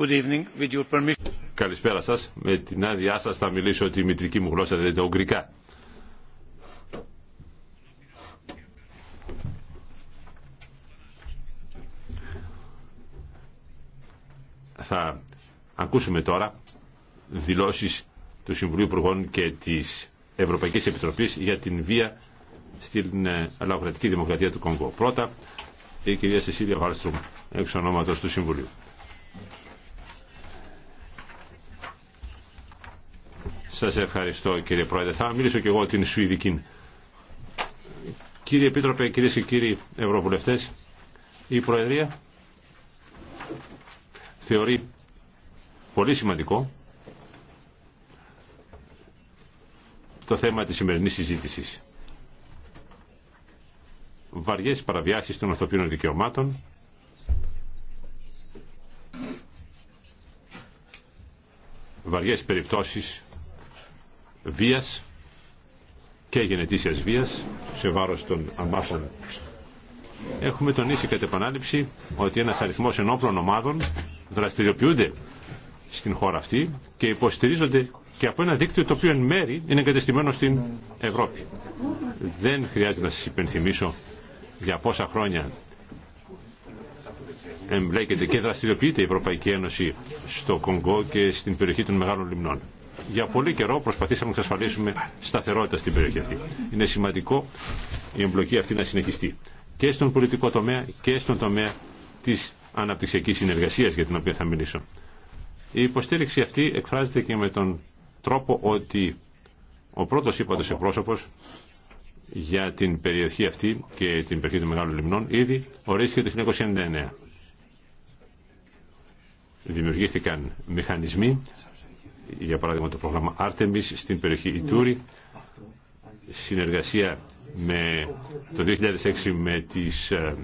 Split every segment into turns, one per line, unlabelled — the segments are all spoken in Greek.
Good evening, with your permission.
Καλησπέρα σας. Με την άδειά σας θα μιλήσω τη μητρική μου γλώσσα, δηλαδή τα ουγγρικά. Θα ακούσουμε τώρα δηλώσεις του Συμβουλίου Υπουργών και της Ευρωπαϊκής Επιτροπής για την βία στην ε, λαοκρατική δημοκρατία του Κονγκό. Πρώτα, η κυρία Σεσίλια Βάλστρουμ, εξ ονόματος του Συμβουλίου. Σα ευχαριστώ κύριε Πρόεδρε. Θα μιλήσω και εγώ την Σουηδική. Κύριε Επίτροπε, κύριε και κύριοι Ευρωβουλευτέ, η Προεδρία θεωρεί πολύ σημαντικό το θέμα της σημερινής συζήτησης. Βαριές παραβιάσεις των ανθρωπίνων δικαιωμάτων, βαριές περιπτώσεις βίας και γενετήσιας βίας σε βάρος των αμάχων. Έχουμε τονίσει κατά επανάληψη ότι ένας αριθμός ενόπλων ομάδων δραστηριοποιούνται στην χώρα αυτή και υποστηρίζονται και από ένα δίκτυο το οποίο εν μέρη είναι εγκατεστημένο στην Ευρώπη. Δεν χρειάζεται να σας υπενθυμίσω για πόσα χρόνια εμπλέκεται και δραστηριοποιείται η Ευρωπαϊκή Ένωση στο Κονγκό και στην περιοχή των Μεγάλων Λιμνών για πολύ καιρό προσπαθήσαμε να εξασφαλίσουμε σταθερότητα στην περιοχή αυτή. Είναι σημαντικό η εμπλοκή αυτή να συνεχιστεί και στον πολιτικό τομέα και στον τομέα της αναπτυξιακή συνεργασία για την οποία θα μιλήσω. Η υποστήριξη αυτή εκφράζεται και με τον τρόπο ότι ο πρώτος είπατος εκπρόσωπο για την περιοχή αυτή και την περιοχή των Μεγάλων Λιμνών ήδη ορίστηκε το 1999. Δημιουργήθηκαν μηχανισμοί για παράδειγμα το πρόγραμμα Artemis στην περιοχή Ιτούρη, συνεργασία με το 2006 με τις ε,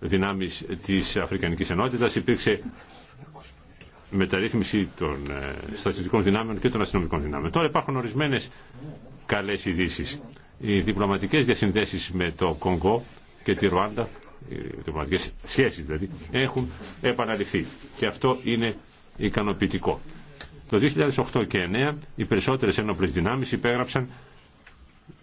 δυνάμεις της Αφρικανικής Ενότητας, υπήρξε μεταρρύθμιση των ε, στρατιωτικών δυνάμεων και των αστυνομικών δυνάμεων. Τώρα υπάρχουν ορισμένες καλές ειδήσει. Οι διπλωματικές διασυνδέσεις με το Κονγκό και τη Ρουάντα, οι ε, διπλωματικές σχέσεις δηλαδή, έχουν επαναληφθεί. Και αυτό είναι ικανοποιητικό. Το 2008 και 2009 οι περισσότερες ένοπλες δυνάμεις υπέγραψαν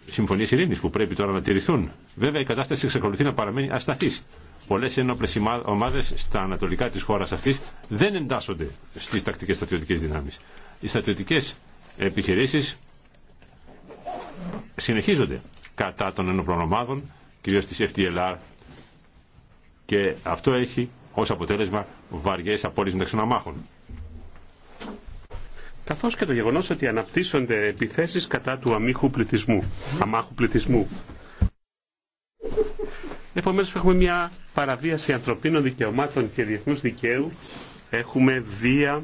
συμφωνίε ειρήνη που πρέπει τώρα να τηρηθούν. Βέβαια η κατάσταση εξακολουθεί να παραμένει ασταθής. Πολλές ένοπλες ομάδε στα ανατολικά τη χώρα αυτή δεν εντάσσονται στι τακτικέ στρατιωτικές δυνάμεις. Οι στρατιωτικές επιχειρήσει συνεχίζονται κατά των ενόπλων ομάδων, κυρίω τη FTLR και αυτό έχει ω αποτέλεσμα βαριέ απόλυτε μεταξύ των αμάχων
καθώς και το γεγονός ότι αναπτύσσονται επιθέσεις κατά του αμύχου πληθυσμού, αμάχου πληθυσμού. Επομένως έχουμε μια παραβίαση ανθρωπίνων δικαιωμάτων και διεθνούς δικαίου, έχουμε βία,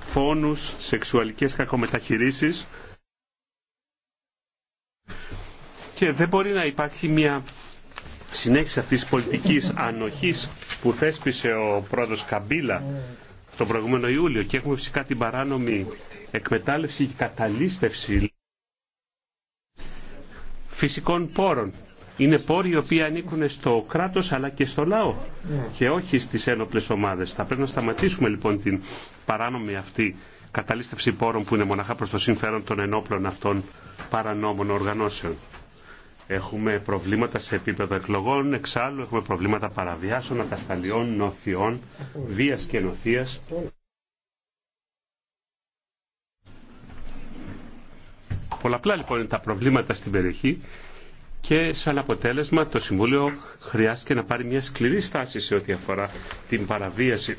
φόνους, σεξουαλικές κακομεταχειρήσεις και δεν μπορεί να υπάρχει μια συνέχιση αυτής της πολιτικής ανοχής που θέσπισε ο πρόεδρος Καμπίλα τον προηγούμενο Ιούλιο και έχουμε φυσικά την παράνομη εκμετάλλευση και καταλήστευση φυσικών πόρων. Είναι πόροι οι οποίοι ανήκουν στο κράτος αλλά και στο λαό και όχι στις ένοπλες ομάδες. Θα πρέπει να σταματήσουμε λοιπόν την παράνομη αυτή καταλήστευση πόρων που είναι μοναχά προς το συμφέρον των ενόπλων αυτών παρανόμων οργανώσεων. Έχουμε προβλήματα σε επίπεδο εκλογών, εξάλλου έχουμε προβλήματα παραβιάσεων, ατασταλιών, νοθειών, βίας και νοθείας. Πολλαπλά λοιπόν είναι τα προβλήματα στην περιοχή και σαν αποτέλεσμα το Συμβούλιο χρειάστηκε να πάρει μια σκληρή στάση σε ό,τι αφορά την παραβίαση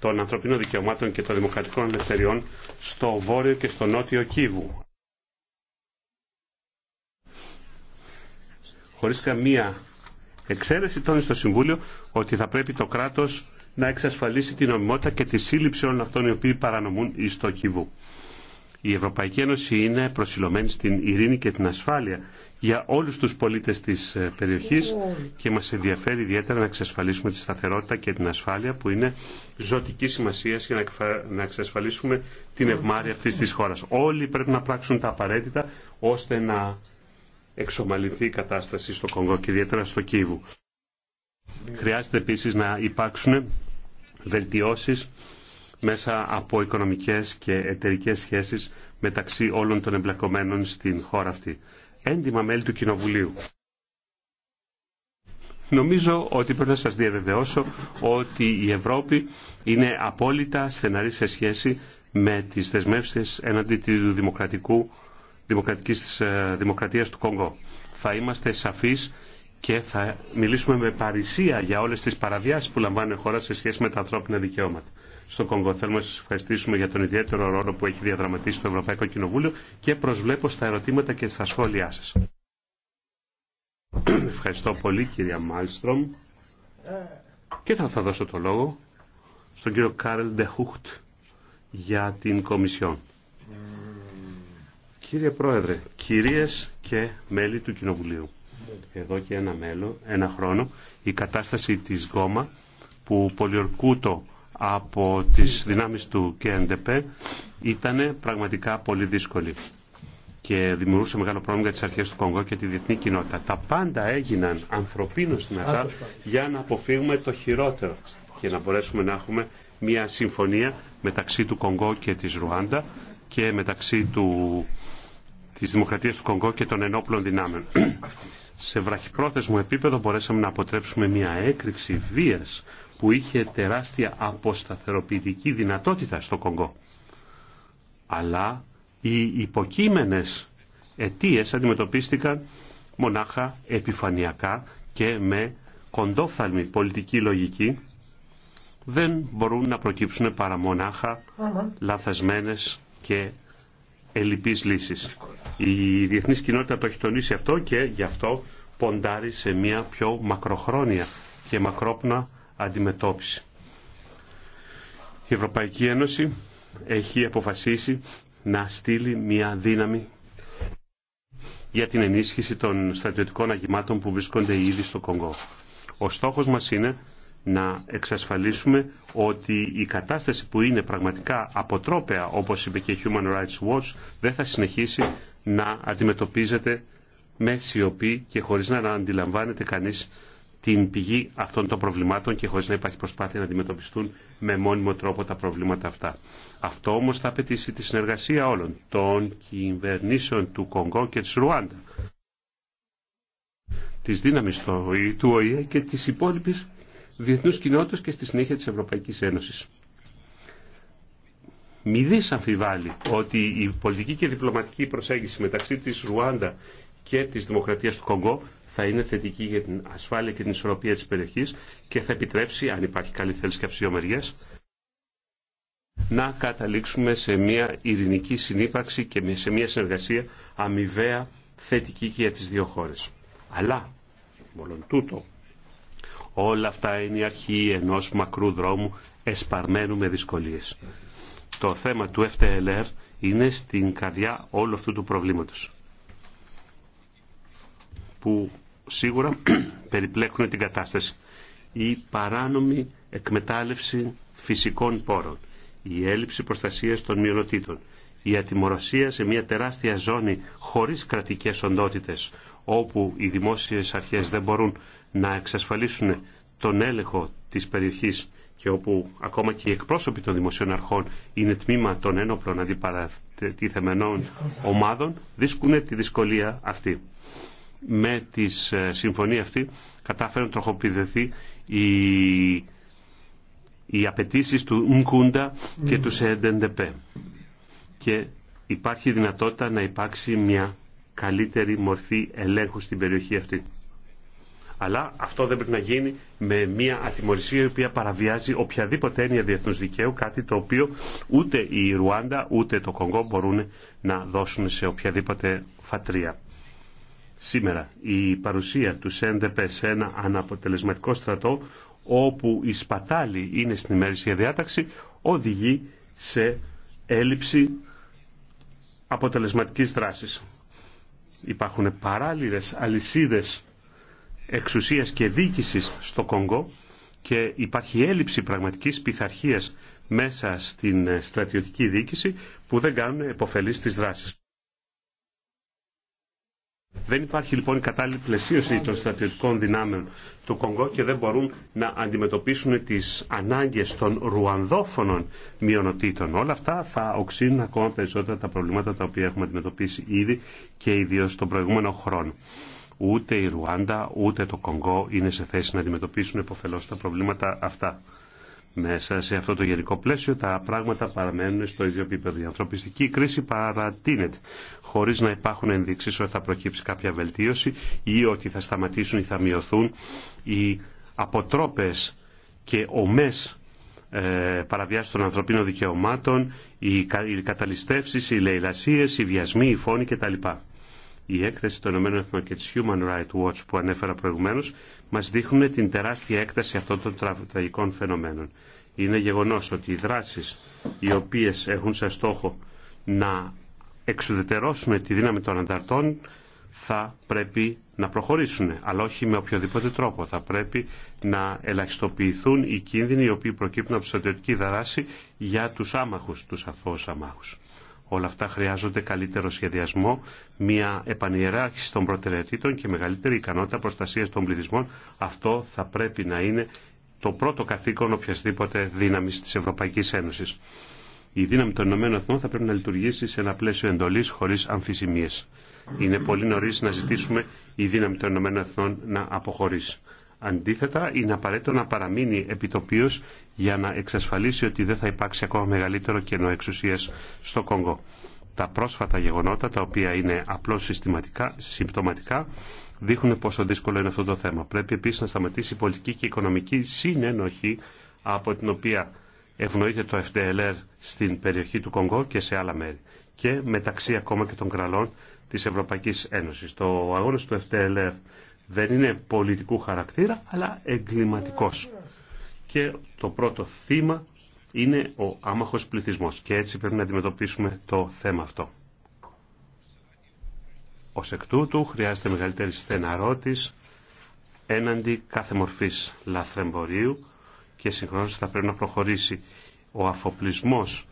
των ανθρωπίνων δικαιωμάτων και των δημοκρατικών ελευθεριών στο βόρειο και στο νότιο Κίβου. χωρίς καμία εξαίρεση τόνει στο Συμβούλιο ότι θα πρέπει το κράτος να εξασφαλίσει την νομιμότητα και τη σύλληψη όλων αυτών οι οποίοι παρανομούν εις το κυβού. Η Ευρωπαϊκή Ένωση είναι προσιλωμένη στην ειρήνη και την ασφάλεια για όλους τους πολίτες της ε, περιοχής και μας ενδιαφέρει ιδιαίτερα να εξασφαλίσουμε τη σταθερότητα και την ασφάλεια που είναι ζωτική σημασία για να εξασφαλίσουμε την ευμάρεια αυτής της χώρας. Όλοι πρέπει να πράξουν τα απαραίτητα ώστε να εξομαλυνθεί η κατάσταση στο Κονγκό και ιδιαίτερα στο Κίβου. Χρειάζεται επίσης να υπάρξουν βελτιώσεις μέσα από οικονομικές και εταιρικές σχέσεις μεταξύ όλων των εμπλεκομένων στην χώρα αυτή. Έντιμα μέλη του Κοινοβουλίου. Νομίζω ότι πρέπει να σας διαβεβαιώσω ότι η Ευρώπη είναι απόλυτα στεναρή σε σχέση με τις δεσμεύσεις έναντι του δημοκρατικού Δημοκρατικής ε, Δημοκρατίας του Κόγκο. Θα είμαστε σαφείς και θα μιλήσουμε με παρησία για όλες τις παραβιάσεις που λαμβάνει η χώρα σε σχέση με τα ανθρώπινα δικαιώματα. Στο Κόγκο θέλουμε να σας ευχαριστήσουμε για τον ιδιαίτερο ρόλο που έχει διαδραματίσει το Ευρωπαϊκό Κοινοβούλιο και προσβλέπω στα ερωτήματα και στα σχόλιά σας. Ευχαριστώ πολύ κυρία Μάλστρομ και τώρα θα δώσω το λόγο στον κύριο Κάρελ Ντεχούχτ για την Κομισιόν. Κύριε Πρόεδρε, κυρίες και μέλη του Κοινοβουλίου, εδώ και ένα, μέλο, ένα χρόνο η κατάσταση της ΓΟΜΑ που πολιορκούτο από τις δυνάμεις του ΚΕΝΤΕΠΕ ήταν πραγματικά πολύ δύσκολη και δημιουργούσε μεγάλο πρόβλημα για τις αρχές του Κονγκό και τη διεθνή κοινότητα. Τα πάντα έγιναν ανθρωπίνως δυνατά για να αποφύγουμε το χειρότερο και να μπορέσουμε να έχουμε μια συμφωνία μεταξύ του Κονγκό και της Ρουάντα και μεταξύ του, της Δημοκρατίας του Κονγκό και των ενόπλων δυνάμεων. Σε βραχυπρόθεσμο επίπεδο μπορέσαμε να αποτρέψουμε μια έκρηξη βίας που είχε τεράστια αποσταθεροποιητική δυνατότητα στο Κονγκό. Αλλά οι υποκείμενες αιτίες αντιμετωπίστηκαν μονάχα επιφανειακά και με κοντόφθαλμη πολιτική λογική δεν μπορούν να προκύψουν παρά μονάχα λαθασμένες και ελλειπείς λύσης. Η διεθνής κοινότητα το έχει τονίσει αυτό και γι' αυτό ποντάρει σε μια πιο μακροχρόνια και μακρόπνα αντιμετώπιση. Η Ευρωπαϊκή Ένωση έχει αποφασίσει να στείλει μια δύναμη για την ενίσχυση των στρατιωτικών αγημάτων που βρίσκονται ήδη στο Κονγκό. Ο στόχος μας είναι να εξασφαλίσουμε ότι η κατάσταση που είναι πραγματικά αποτρόπαια, όπως είπε και η Human Rights Watch, δεν θα συνεχίσει να αντιμετωπίζεται με σιωπή και χωρίς να αντιλαμβάνεται κανείς την πηγή αυτών των προβλημάτων και χωρίς να υπάρχει προσπάθεια να αντιμετωπιστούν με μόνιμο τρόπο τα προβλήματα αυτά. Αυτό όμως θα απαιτήσει τη συνεργασία όλων των κυβερνήσεων του Κονγκό και της Ρουάντα, της δύναμης του ΟΗΕ και της υπόλοιπης διεθνούς κοινότητας και στη συνέχεια της Ευρωπαϊκής Ένωσης. δεις αμφιβάλλει ότι η πολιτική και διπλωματική προσέγγιση μεταξύ της Ρουάντα και της Δημοκρατίας του Κονγκό θα είναι θετική για την ασφάλεια και την ισορροπία της περιοχής και θα επιτρέψει, αν υπάρχει καλή θέληση και αυσιομεριές, να καταλήξουμε σε μια ειρηνική συνύπαρξη και σε μια συνεργασία αμοιβαία θετική και για τις δύο χώρες. Αλλά, μόνο τούτο, Όλα αυτά είναι η αρχή ενός μακρού δρόμου εσπαρμένου με δυσκολίες. Το θέμα του FTLR είναι στην καρδιά όλου αυτού του προβλήματος που σίγουρα περιπλέκουν την κατάσταση. Η παράνομη εκμετάλλευση φυσικών πόρων, η έλλειψη προστασίας των μειονοτήτων, η ατιμορροσία σε μια τεράστια ζώνη χωρίς κρατικές οντότητες όπου οι δημόσιες αρχές δεν μπορούν να εξασφαλίσουν τον έλεγχο της περιοχής και όπου ακόμα και οι εκπρόσωποι των δημοσίων αρχών είναι τμήμα των ένοπλων αντιπαρατηθεμενών ομάδων, δίσκουν τη δυσκολία αυτή. Με τη ε, συμφωνία αυτή κατάφεραν να τροχοποιηθεί οι, οι απαιτήσει του Μκούντα και του mm. ΣΕΝΤΕΝΤΕΠΕ. Και υπάρχει δυνατότητα να υπάρξει μια καλύτερη μορφή ελέγχου στην περιοχή αυτή. Αλλά αυτό δεν πρέπει να γίνει με μια ατιμορρησία η οποία παραβιάζει οποιαδήποτε έννοια διεθνούς δικαίου, κάτι το οποίο ούτε η Ρουάντα ούτε το Κονγκό μπορούν να δώσουν σε οποιαδήποτε φατρία. Σήμερα η παρουσία του ΣΕΝΔΕΠΕ σε ένα αναποτελεσματικό στρατό όπου η σπατάλη είναι στην για διάταξη οδηγεί σε έλλειψη αποτελεσματικής δράσης υπάρχουν παράλληλες αλυσίδες εξουσίας και δίκησης στο Κονγκό και υπάρχει έλλειψη πραγματικής πειθαρχία μέσα στην στρατιωτική δίκηση που δεν κάνουν επωφελείς τις δράσεις. Δεν υπάρχει λοιπόν κατάλληλη πλαισίωση των στρατιωτικών δυνάμεων του Κονγκό και δεν μπορούν να αντιμετωπίσουν τις ανάγκες των ρουανδόφωνων μειονοτήτων. Όλα αυτά θα οξύνουν ακόμα περισσότερα τα προβλήματα τα οποία έχουμε αντιμετωπίσει ήδη και ιδίως τον προηγούμενο χρόνο. Ούτε η Ρουάντα ούτε το Κονγκό είναι σε θέση να αντιμετωπίσουν υποφελώς τα προβλήματα αυτά. Μέσα σε αυτό το γενικό πλαίσιο τα πράγματα παραμένουν στο ίδιο επίπεδο. Η ανθρωπιστική κρίση παρατείνεται χωρίς να υπάρχουν ενδείξεις ότι θα προκύψει κάποια βελτίωση ή ότι θα σταματήσουν ή θα μειωθούν οι αποτρόπες και ομές ε, παραβιάσεις των ανθρωπίνων δικαιωμάτων, οι καταληστεύσεις, οι λαιλασίες, οι βιασμοί, οι φόνοι κτλ. Η έκθεση των ΗΕ και της Human Rights Watch που ανέφερα προηγουμένως μας δείχνουν την τεράστια έκταση αυτών των τραγικών φαινομένων. Είναι γεγονός ότι οι δράσεις οι οποίες έχουν σαν στόχο να εξουδετερώσουν τη δύναμη των ανταρτών θα πρέπει να προχωρήσουν, αλλά όχι με οποιοδήποτε τρόπο. Θα πρέπει να ελαχιστοποιηθούν οι κίνδυνοι οι οποίοι προκύπτουν από τη στρατιωτική δράση για τους άμαχους, τους αθώους αμάχους. Όλα αυτά χρειάζονται καλύτερο σχεδιασμό, μια επανειεράρχηση των προτεραιοτήτων και μεγαλύτερη ικανότητα προστασία των πληθυσμών. Αυτό θα πρέπει να είναι το πρώτο καθήκον οποιασδήποτε δύναμη της Ευρωπαϊκής Ένωσης. Η δύναμη των Ηνωμένων Εθνών θα πρέπει να λειτουργήσει σε ένα πλαίσιο εντολή χωρί αμφισημίε. Είναι πολύ νωρί να ζητήσουμε η δύναμη των Ηνωμένων Εθνών να αποχωρήσει. Αντίθετα, είναι απαραίτητο να παραμείνει επιτοπίω για να εξασφαλίσει ότι δεν θα υπάρξει ακόμα μεγαλύτερο κενό εξουσία στο Κόγκο. Τα πρόσφατα γεγονότα, τα οποία είναι απλώ συστηματικά, συμπτωματικά, δείχνουν πόσο δύσκολο είναι αυτό το θέμα. Πρέπει επίση να σταματήσει η πολιτική και η οικονομική συνενοχή από την οποία ευνοείται το FDLR στην περιοχή του Κονγκό και σε άλλα μέρη και μεταξύ ακόμα και των κραλών της Ευρωπαϊκής Ένωσης. Το αγώνας του FDLR δεν είναι πολιτικού χαρακτήρα, αλλά εγκληματικός. Και το πρώτο θύμα είναι ο άμαχος πληθυσμός και έτσι πρέπει να αντιμετωπίσουμε το θέμα αυτό. Ω εκ τούτου χρειάζεται μεγαλύτερη στεναρότης έναντι κάθε μορφής λαθρεμπορίου και συγχρόνως θα πρέπει να προχωρήσει ο αφοπλισμός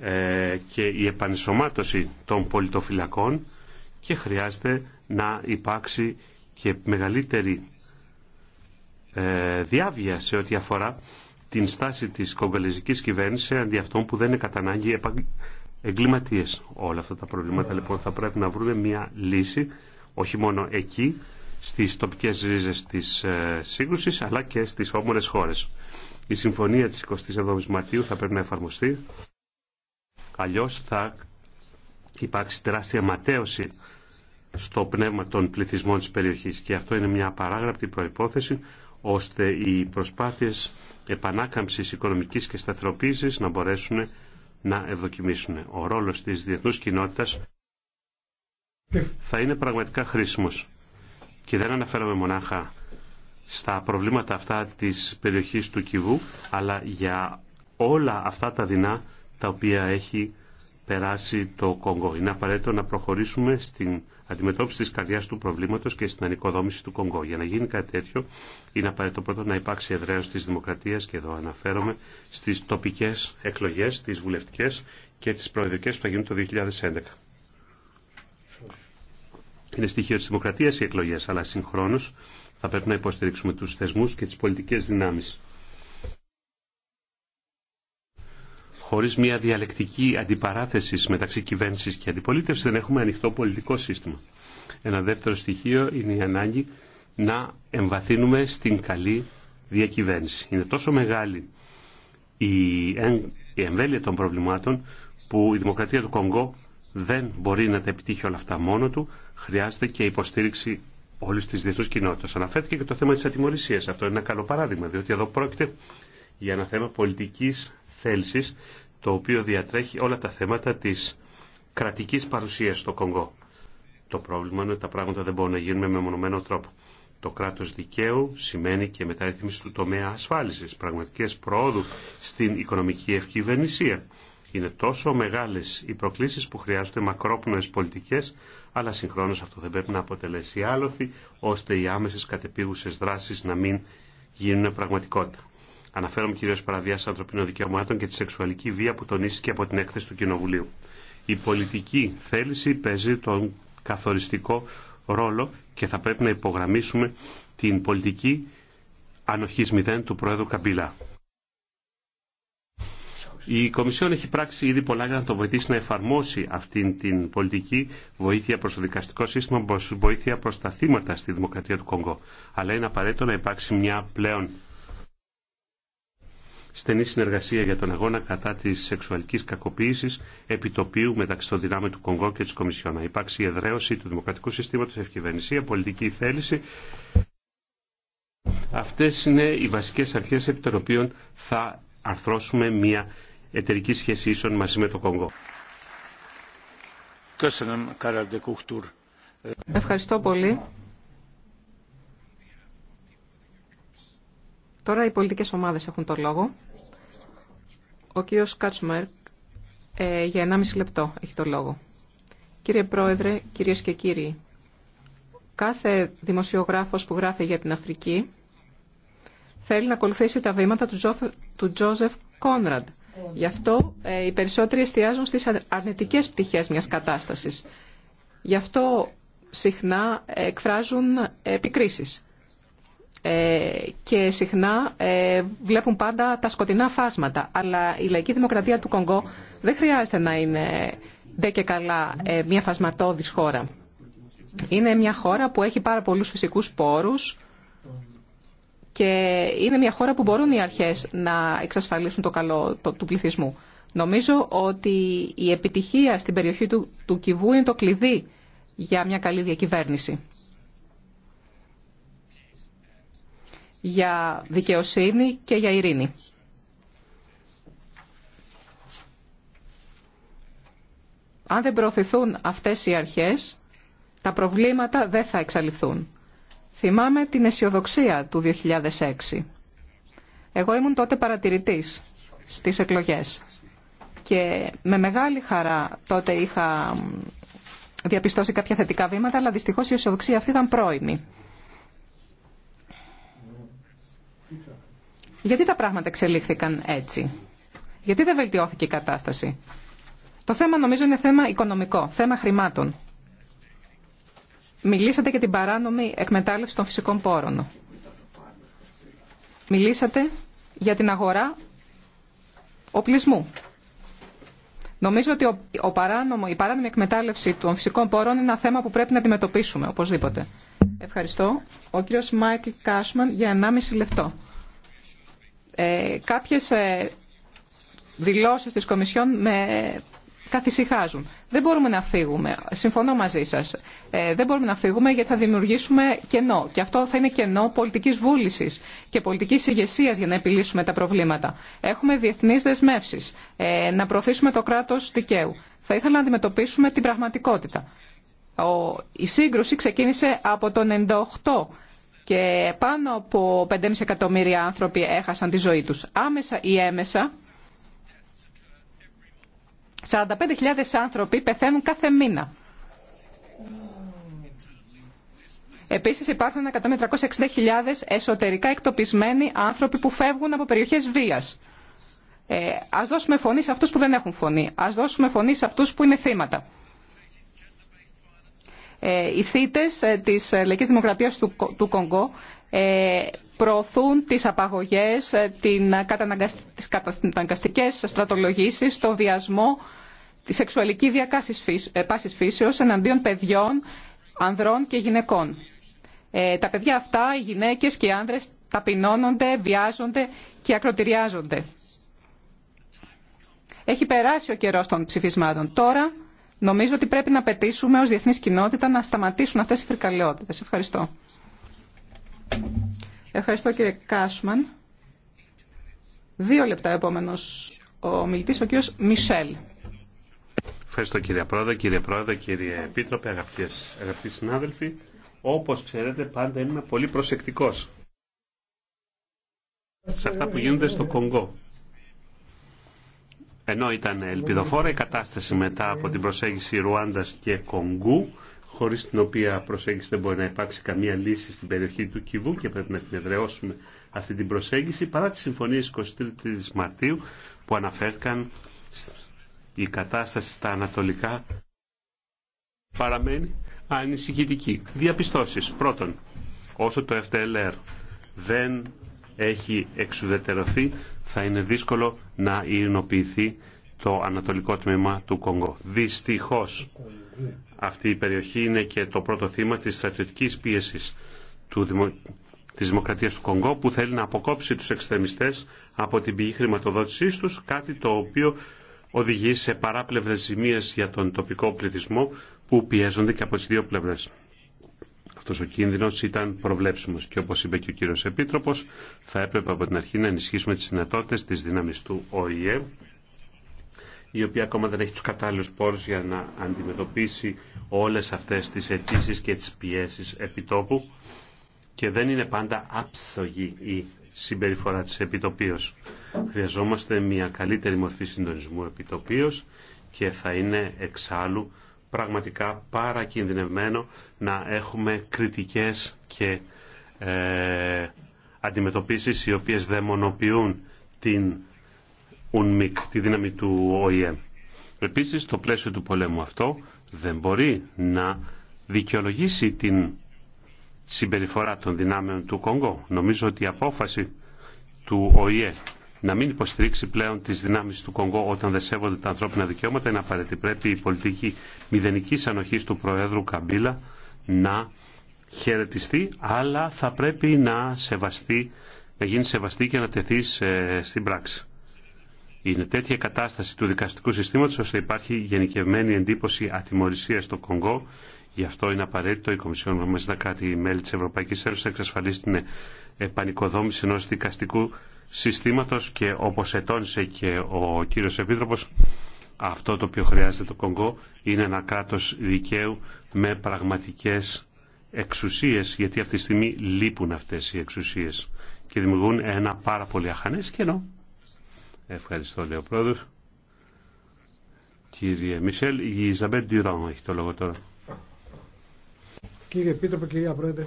ε, και η επανισωμάτωση των πολιτοφυλακών και χρειάζεται να υπάρξει και μεγαλύτερη ε, διάβια σε ό,τι αφορά την στάση της κογκαλιζικής κυβέρνησης αντί αυτών που δεν είναι κατά ανάγκη εγκληματίες. Όλα αυτά τα προβλήματα λοιπόν θα πρέπει να βρούμε μια λύση όχι μόνο εκεί στις τοπικές ρίζες της ε, σύγκρουσης αλλά και στις όμορες χώρες. Η συμφωνία της 27ης Μαρτίου θα πρέπει να εφαρμοστεί αλλιώς θα υπάρξει τεράστια ματέωση στο πνεύμα των πληθυσμών της περιοχής. Και αυτό είναι μια παράγραπτη προϋπόθεση ώστε οι προσπάθειες επανάκαμψης οικονομικής και σταθεροποίησης να μπορέσουν να ευδοκιμήσουν. Ο ρόλος της διεθνούς κοινότητας θα είναι πραγματικά χρήσιμος. Και δεν αναφέρομαι μονάχα στα προβλήματα αυτά της περιοχής του Κιβού, αλλά για όλα αυτά τα δεινά τα οποία έχει περάσει το Κόγκο. Είναι απαραίτητο να προχωρήσουμε στην αντιμετώπιση τη καρδιά του προβλήματο και στην ανοικοδόμηση του Κονγκό. Για να γίνει κάτι τέτοιο, είναι απαραίτητο πρώτο να υπάρξει εδραίωση τη δημοκρατία και εδώ αναφέρομαι στι τοπικέ εκλογέ, τι βουλευτικέ και τι προεδρικέ που θα γίνουν το 2011. Είναι στοιχείο τη δημοκρατία οι εκλογέ, αλλά συγχρόνω θα πρέπει να υποστηρίξουμε του θεσμού και τι πολιτικέ δυνάμει. χωρίς μια διαλεκτική αντιπαράθεση μεταξύ κυβέρνησης και αντιπολίτευσης δεν έχουμε ανοιχτό πολιτικό σύστημα. Ένα δεύτερο στοιχείο είναι η ανάγκη να εμβαθύνουμε στην καλή διακυβέρνηση. Είναι τόσο μεγάλη η εμβέλεια των προβλημάτων που η δημοκρατία του Κονγκό δεν μπορεί να τα επιτύχει όλα αυτά μόνο του. Χρειάζεται και υποστήριξη όλη τη διεθνού κοινότητα. Αναφέρθηκε και το θέμα τη ατιμορρησία. Αυτό είναι ένα καλό παράδειγμα, διότι εδώ πρόκειται για ένα θέμα πολιτική το οποίο διατρέχει όλα τα θέματα της κρατικής παρουσίας στο Κονγκό. Το πρόβλημα είναι ότι τα πράγματα δεν μπορούν να γίνουν με μονομένο τρόπο. Το κράτος δικαίου σημαίνει και μεταρρύθμιση του τομέα ασφάλισης, πραγματικές πρόοδου στην οικονομική ευκυβερνησία. Είναι τόσο μεγάλες οι προκλήσεις που χρειάζονται μακρόπνοες πολιτικές, αλλά συγχρόνως αυτό δεν πρέπει να αποτελέσει άλοθη, ώστε οι άμεσες κατεπίγουσες δράσεις να μην γίνουν πραγματικότητα. Αναφέρομαι κυρίω παραβιάσει ανθρωπίνων δικαιωμάτων και τη σεξουαλική βία που τονίστηκε από την έκθεση του Κοινοβουλίου. Η πολιτική θέληση παίζει τον καθοριστικό ρόλο και θα πρέπει να υπογραμμίσουμε την πολιτική ανοχής μηδέν του Πρόεδρου Καμπίλα. Η Κομισιόν έχει πράξει ήδη πολλά για να το βοηθήσει να εφαρμόσει αυτή την πολιτική βοήθεια προ το δικαστικό σύστημα, βοήθεια προ τα θύματα στη δημοκρατία του Κονγκό. Αλλά είναι απαραίτητο να υπάρξει μια πλέον στενή συνεργασία για τον αγώνα κατά τη σεξουαλική κακοποίηση επιτοπίου μεταξύ των δυνάμεων του Κονγκό και τη Κομισιόν. Να υπάρξει η εδραίωση του δημοκρατικού συστήματο, ευκυβερνησία, πολιτική θέληση. Αυτέ είναι οι βασικέ αρχέ επί των οποίων θα αρθρώσουμε μια εταιρική σχέση ίσων μαζί με το Κονγκό.
Ευχαριστώ πολύ. Τώρα οι πολιτικές ομάδες έχουν το λόγο. Ο κύριος Κάτσμαρκ ε, για 1,5 λεπτό έχει το λόγο. Κύριε Πρόεδρε, κυρίες και κύριοι, κάθε δημοσιογράφος που γράφει για την Αφρική θέλει να ακολουθήσει τα βήματα του, του Τζόζεφ Κόνραντ. Γι' αυτό ε, οι περισσότεροι εστιάζουν στις αρνητικές πτυχές μιας κατάστασης. Γι' αυτό συχνά εκφράζουν επικρίσεις. Ε, και συχνά ε, βλέπουν πάντα τα σκοτεινά φάσματα. Αλλά η λαϊκή δημοκρατία του Κονγκό δεν χρειάζεται να είναι δε και καλά ε, μια φασματόδης χώρα. Είναι μια χώρα που έχει πάρα πολλούς φυσικούς πόρους και είναι μια χώρα που μπορούν οι αρχές να εξασφαλίσουν το καλό του πληθυσμού. Νομίζω ότι η επιτυχία στην περιοχή του, του Κιβού είναι το κλειδί για μια καλή διακυβέρνηση. για δικαιοσύνη και για ειρήνη. Αν δεν προωθηθούν αυτές οι αρχές, τα προβλήματα δεν θα εξαλειφθούν. Θυμάμαι την αισιοδοξία του 2006. Εγώ ήμουν τότε παρατηρητής στις εκλογές και με μεγάλη χαρά τότε είχα διαπιστώσει κάποια θετικά βήματα, αλλά δυστυχώς η αισιοδοξία αυτή ήταν πρώιμη. Γιατί τα πράγματα εξελίχθηκαν έτσι. Γιατί δεν βελτιώθηκε η κατάσταση. Το θέμα νομίζω είναι θέμα οικονομικό, θέμα χρημάτων. Μιλήσατε για την παράνομη εκμετάλλευση των φυσικών πόρων. Μιλήσατε για την αγορά οπλισμού. Νομίζω ότι ο, ο η παράνομη εκμετάλλευση των φυσικών πόρων είναι ένα θέμα που πρέπει να αντιμετωπίσουμε οπωσδήποτε. Ευχαριστώ. Ο κύριος Μάικλ Κάσμαν για 1,5 λεπτό. Ε, κάποιες ε, δηλώσεις της Κομισιόν με καθησυχάζουν. Δεν μπορούμε να φύγουμε. Συμφωνώ μαζί σα. Ε, δεν μπορούμε να φύγουμε γιατί θα δημιουργήσουμε κενό. Και αυτό θα είναι κενό πολιτική βούληση και πολιτική ηγεσία για να επιλύσουμε τα προβλήματα. Έχουμε διεθνεί δεσμεύσει. Ε, να προωθήσουμε το κράτο δικαίου. Θα ήθελα να αντιμετωπίσουμε την πραγματικότητα. Ο, η σύγκρουση ξεκίνησε από το 98 και πάνω από 5,5 εκατομμύρια άνθρωποι έχασαν τη ζωή τους. Άμεσα ή έμεσα 45.000 άνθρωποι πεθαίνουν κάθε μήνα. Επίση, υπάρχουν 1.360.000 εσωτερικά εκτοπισμένοι άνθρωποι που φεύγουν από περιοχέ βία. Ε, Α δώσουμε φωνή σε αυτού που δεν έχουν φωνή. Α δώσουμε φωνή σε αυτού που είναι θύματα. Ε, οι θύτε ε, τη ε, λαϊκή δημοκρατία του, του Κονγκό ε, προωθούν τις απαγωγές, ε, τις καταναγκαστικές στρατολογήσεις, το βιασμό, τη σεξουαλική βία ε, πάσης φύσεως εναντίον παιδιών, ανδρών και γυναικών. Ε, τα παιδιά αυτά, οι γυναίκες και οι άνδρες ταπεινώνονται, βιάζονται και ακροτηριάζονται. Έχει περάσει ο καιρός των ψηφισμάτων. Τώρα νομίζω ότι πρέπει να πετήσουμε ως διεθνής κοινότητα να σταματήσουν αυτές οι φρικαλαιότητες. Ευχαριστώ. Ευχαριστώ κύριε Κάσμαν. Δύο λεπτά επόμενος ο μιλητής, ο κύριο Μισελ.
Ευχαριστώ κύριε Πρόεδρε, κύριε Πρόεδρε, κύριε Επίτροπε, αγαπητές, αγαπητοί συνάδελφοι. Όπως ξέρετε πάντα είμαι πολύ προσεκτικός σε αυτά που γίνονται στο Κονγκό. Ενώ ήταν ελπιδοφόρα η κατάσταση μετά από την προσέγγιση Ρουάντας και Κονγκού, χωρίς την οποία προσέγγιση δεν μπορεί να υπάρξει καμία λύση στην περιοχή του Κιβού και πρέπει να την εδραιώσουμε αυτή την προσέγγιση παρά τις συμφωνίες 23 Μαρτίου που αναφέρθηκαν η κατάσταση στα ανατολικά παραμένει ανησυχητική. Διαπιστώσεις. Πρώτον, όσο το FTLR δεν έχει εξουδετερωθεί θα είναι δύσκολο να ειρηνοποιηθεί το ανατολικό τμήμα του Κονγκό. Δυστυχώς αυτή η περιοχή είναι και το πρώτο θύμα της στρατιωτικής πίεσης του δημο... της Δημοκρατίας του Κονγκό που θέλει να αποκόψει τους εξτρεμιστές από την πηγή χρηματοδότησής τους, κάτι το οποίο οδηγεί σε παράπλευρες ζημίες για τον τοπικό πληθυσμό που πιέζονται και από τις δύο πλευρές. Αυτός ο κίνδυνος ήταν προβλέψιμος και όπως είπε και ο κύριος Επίτροπος θα έπρεπε από την αρχή να ενισχύσουμε τις δυνατότητες της δύναμης του ΟΗΕ η οποία ακόμα δεν έχει τους κατάλληλους πόρους για να αντιμετωπίσει όλες αυτές τις αιτήσει και τις πιέσεις επιτόπου και δεν είναι πάντα άψογη η συμπεριφορά της επιτοπίως. Χρειαζόμαστε μια καλύτερη μορφή συντονισμού επιτοπίως και θα είναι εξάλλου πραγματικά παρακινδυνευμένο να έχουμε κριτικές και ε, αντιμετωπίσεις οι οποίες δαιμονοποιούν την UNMIC, τη δύναμη του ΟΗΕ. Επίσης, το πλαίσιο του πολέμου αυτό δεν μπορεί να δικαιολογήσει την συμπεριφορά των δυνάμεων του Κονγκό. Νομίζω ότι η απόφαση του ΟΗΕ να μην υποστηρίξει πλέον τις δυνάμεις του Κονγκό όταν δεν τα ανθρώπινα δικαιώματα είναι απαραίτητη. Πρέπει η πολιτική μηδενικής ανοχής του Προέδρου Καμπίλα να χαιρετιστεί, αλλά θα πρέπει να γίνει σεβαστή και να τεθεί στην πράξη. Είναι τέτοια κατάσταση του δικαστικού συστήματος ώστε υπάρχει γενικευμένη εντύπωση ατιμορρησίας στο Κονγκό. Γι' αυτό είναι απαραίτητο η Κομισιόν μας να κάτι μέλη της Ευρωπαϊκής Ένωσης να εξασφαλίσει την επανικοδόμηση ενός δικαστικού συστήματος και όπως ετώνησε και ο κύριος Επίτροπος αυτό το οποίο χρειάζεται το Κονγκό είναι ένα κράτος δικαίου με πραγματικές εξουσίες γιατί αυτή τη στιγμή λείπουν αυτές οι εξουσίες και δημιουργούν ένα πάρα πολύ αχανές κενό Ευχαριστώ, λέει ο πρόεδρο. Κύριε Μισελ, η Ιζαμπέλ Ντιουράν έχει το λόγο τώρα.
Κύριε Επίτροπε, κυρία Πρόεδρε,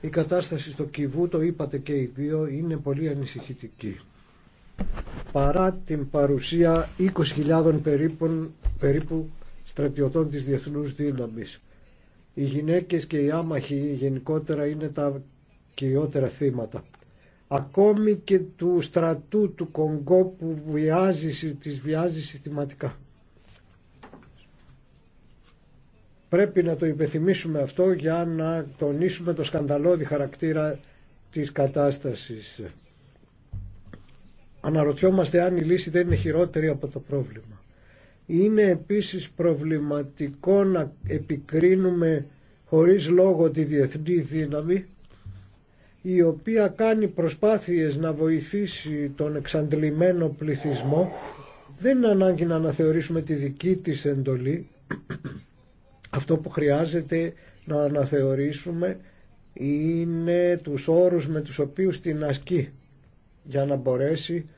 η κατάσταση στο Κιβού, το είπατε και οι δύο, είναι πολύ ανησυχητική. Παρά την παρουσία 20.000 περίπου, περίπου στρατιωτών της Διεθνούς Δύναμης, οι γυναίκες και οι άμαχοι γενικότερα είναι τα κυριότερα θύματα ακόμη και του στρατού του Κονγκό που βιάζει, τις βιάζει συστηματικά. Πρέπει να το υπεθυμίσουμε αυτό για να τονίσουμε το σκανδαλώδη χαρακτήρα της κατάστασης. Αναρωτιόμαστε αν η λύση δεν είναι χειρότερη από το πρόβλημα. Είναι επίσης προβληματικό να επικρίνουμε χωρίς λόγο τη διεθνή δύναμη η οποία κάνει προσπάθειες να βοηθήσει τον εξαντλημένο πληθυσμό δεν είναι ανάγκη να αναθεωρήσουμε τη δική της εντολή αυτό που χρειάζεται να αναθεωρήσουμε είναι τους όρους με τους οποίους την ασκεί για να μπορέσει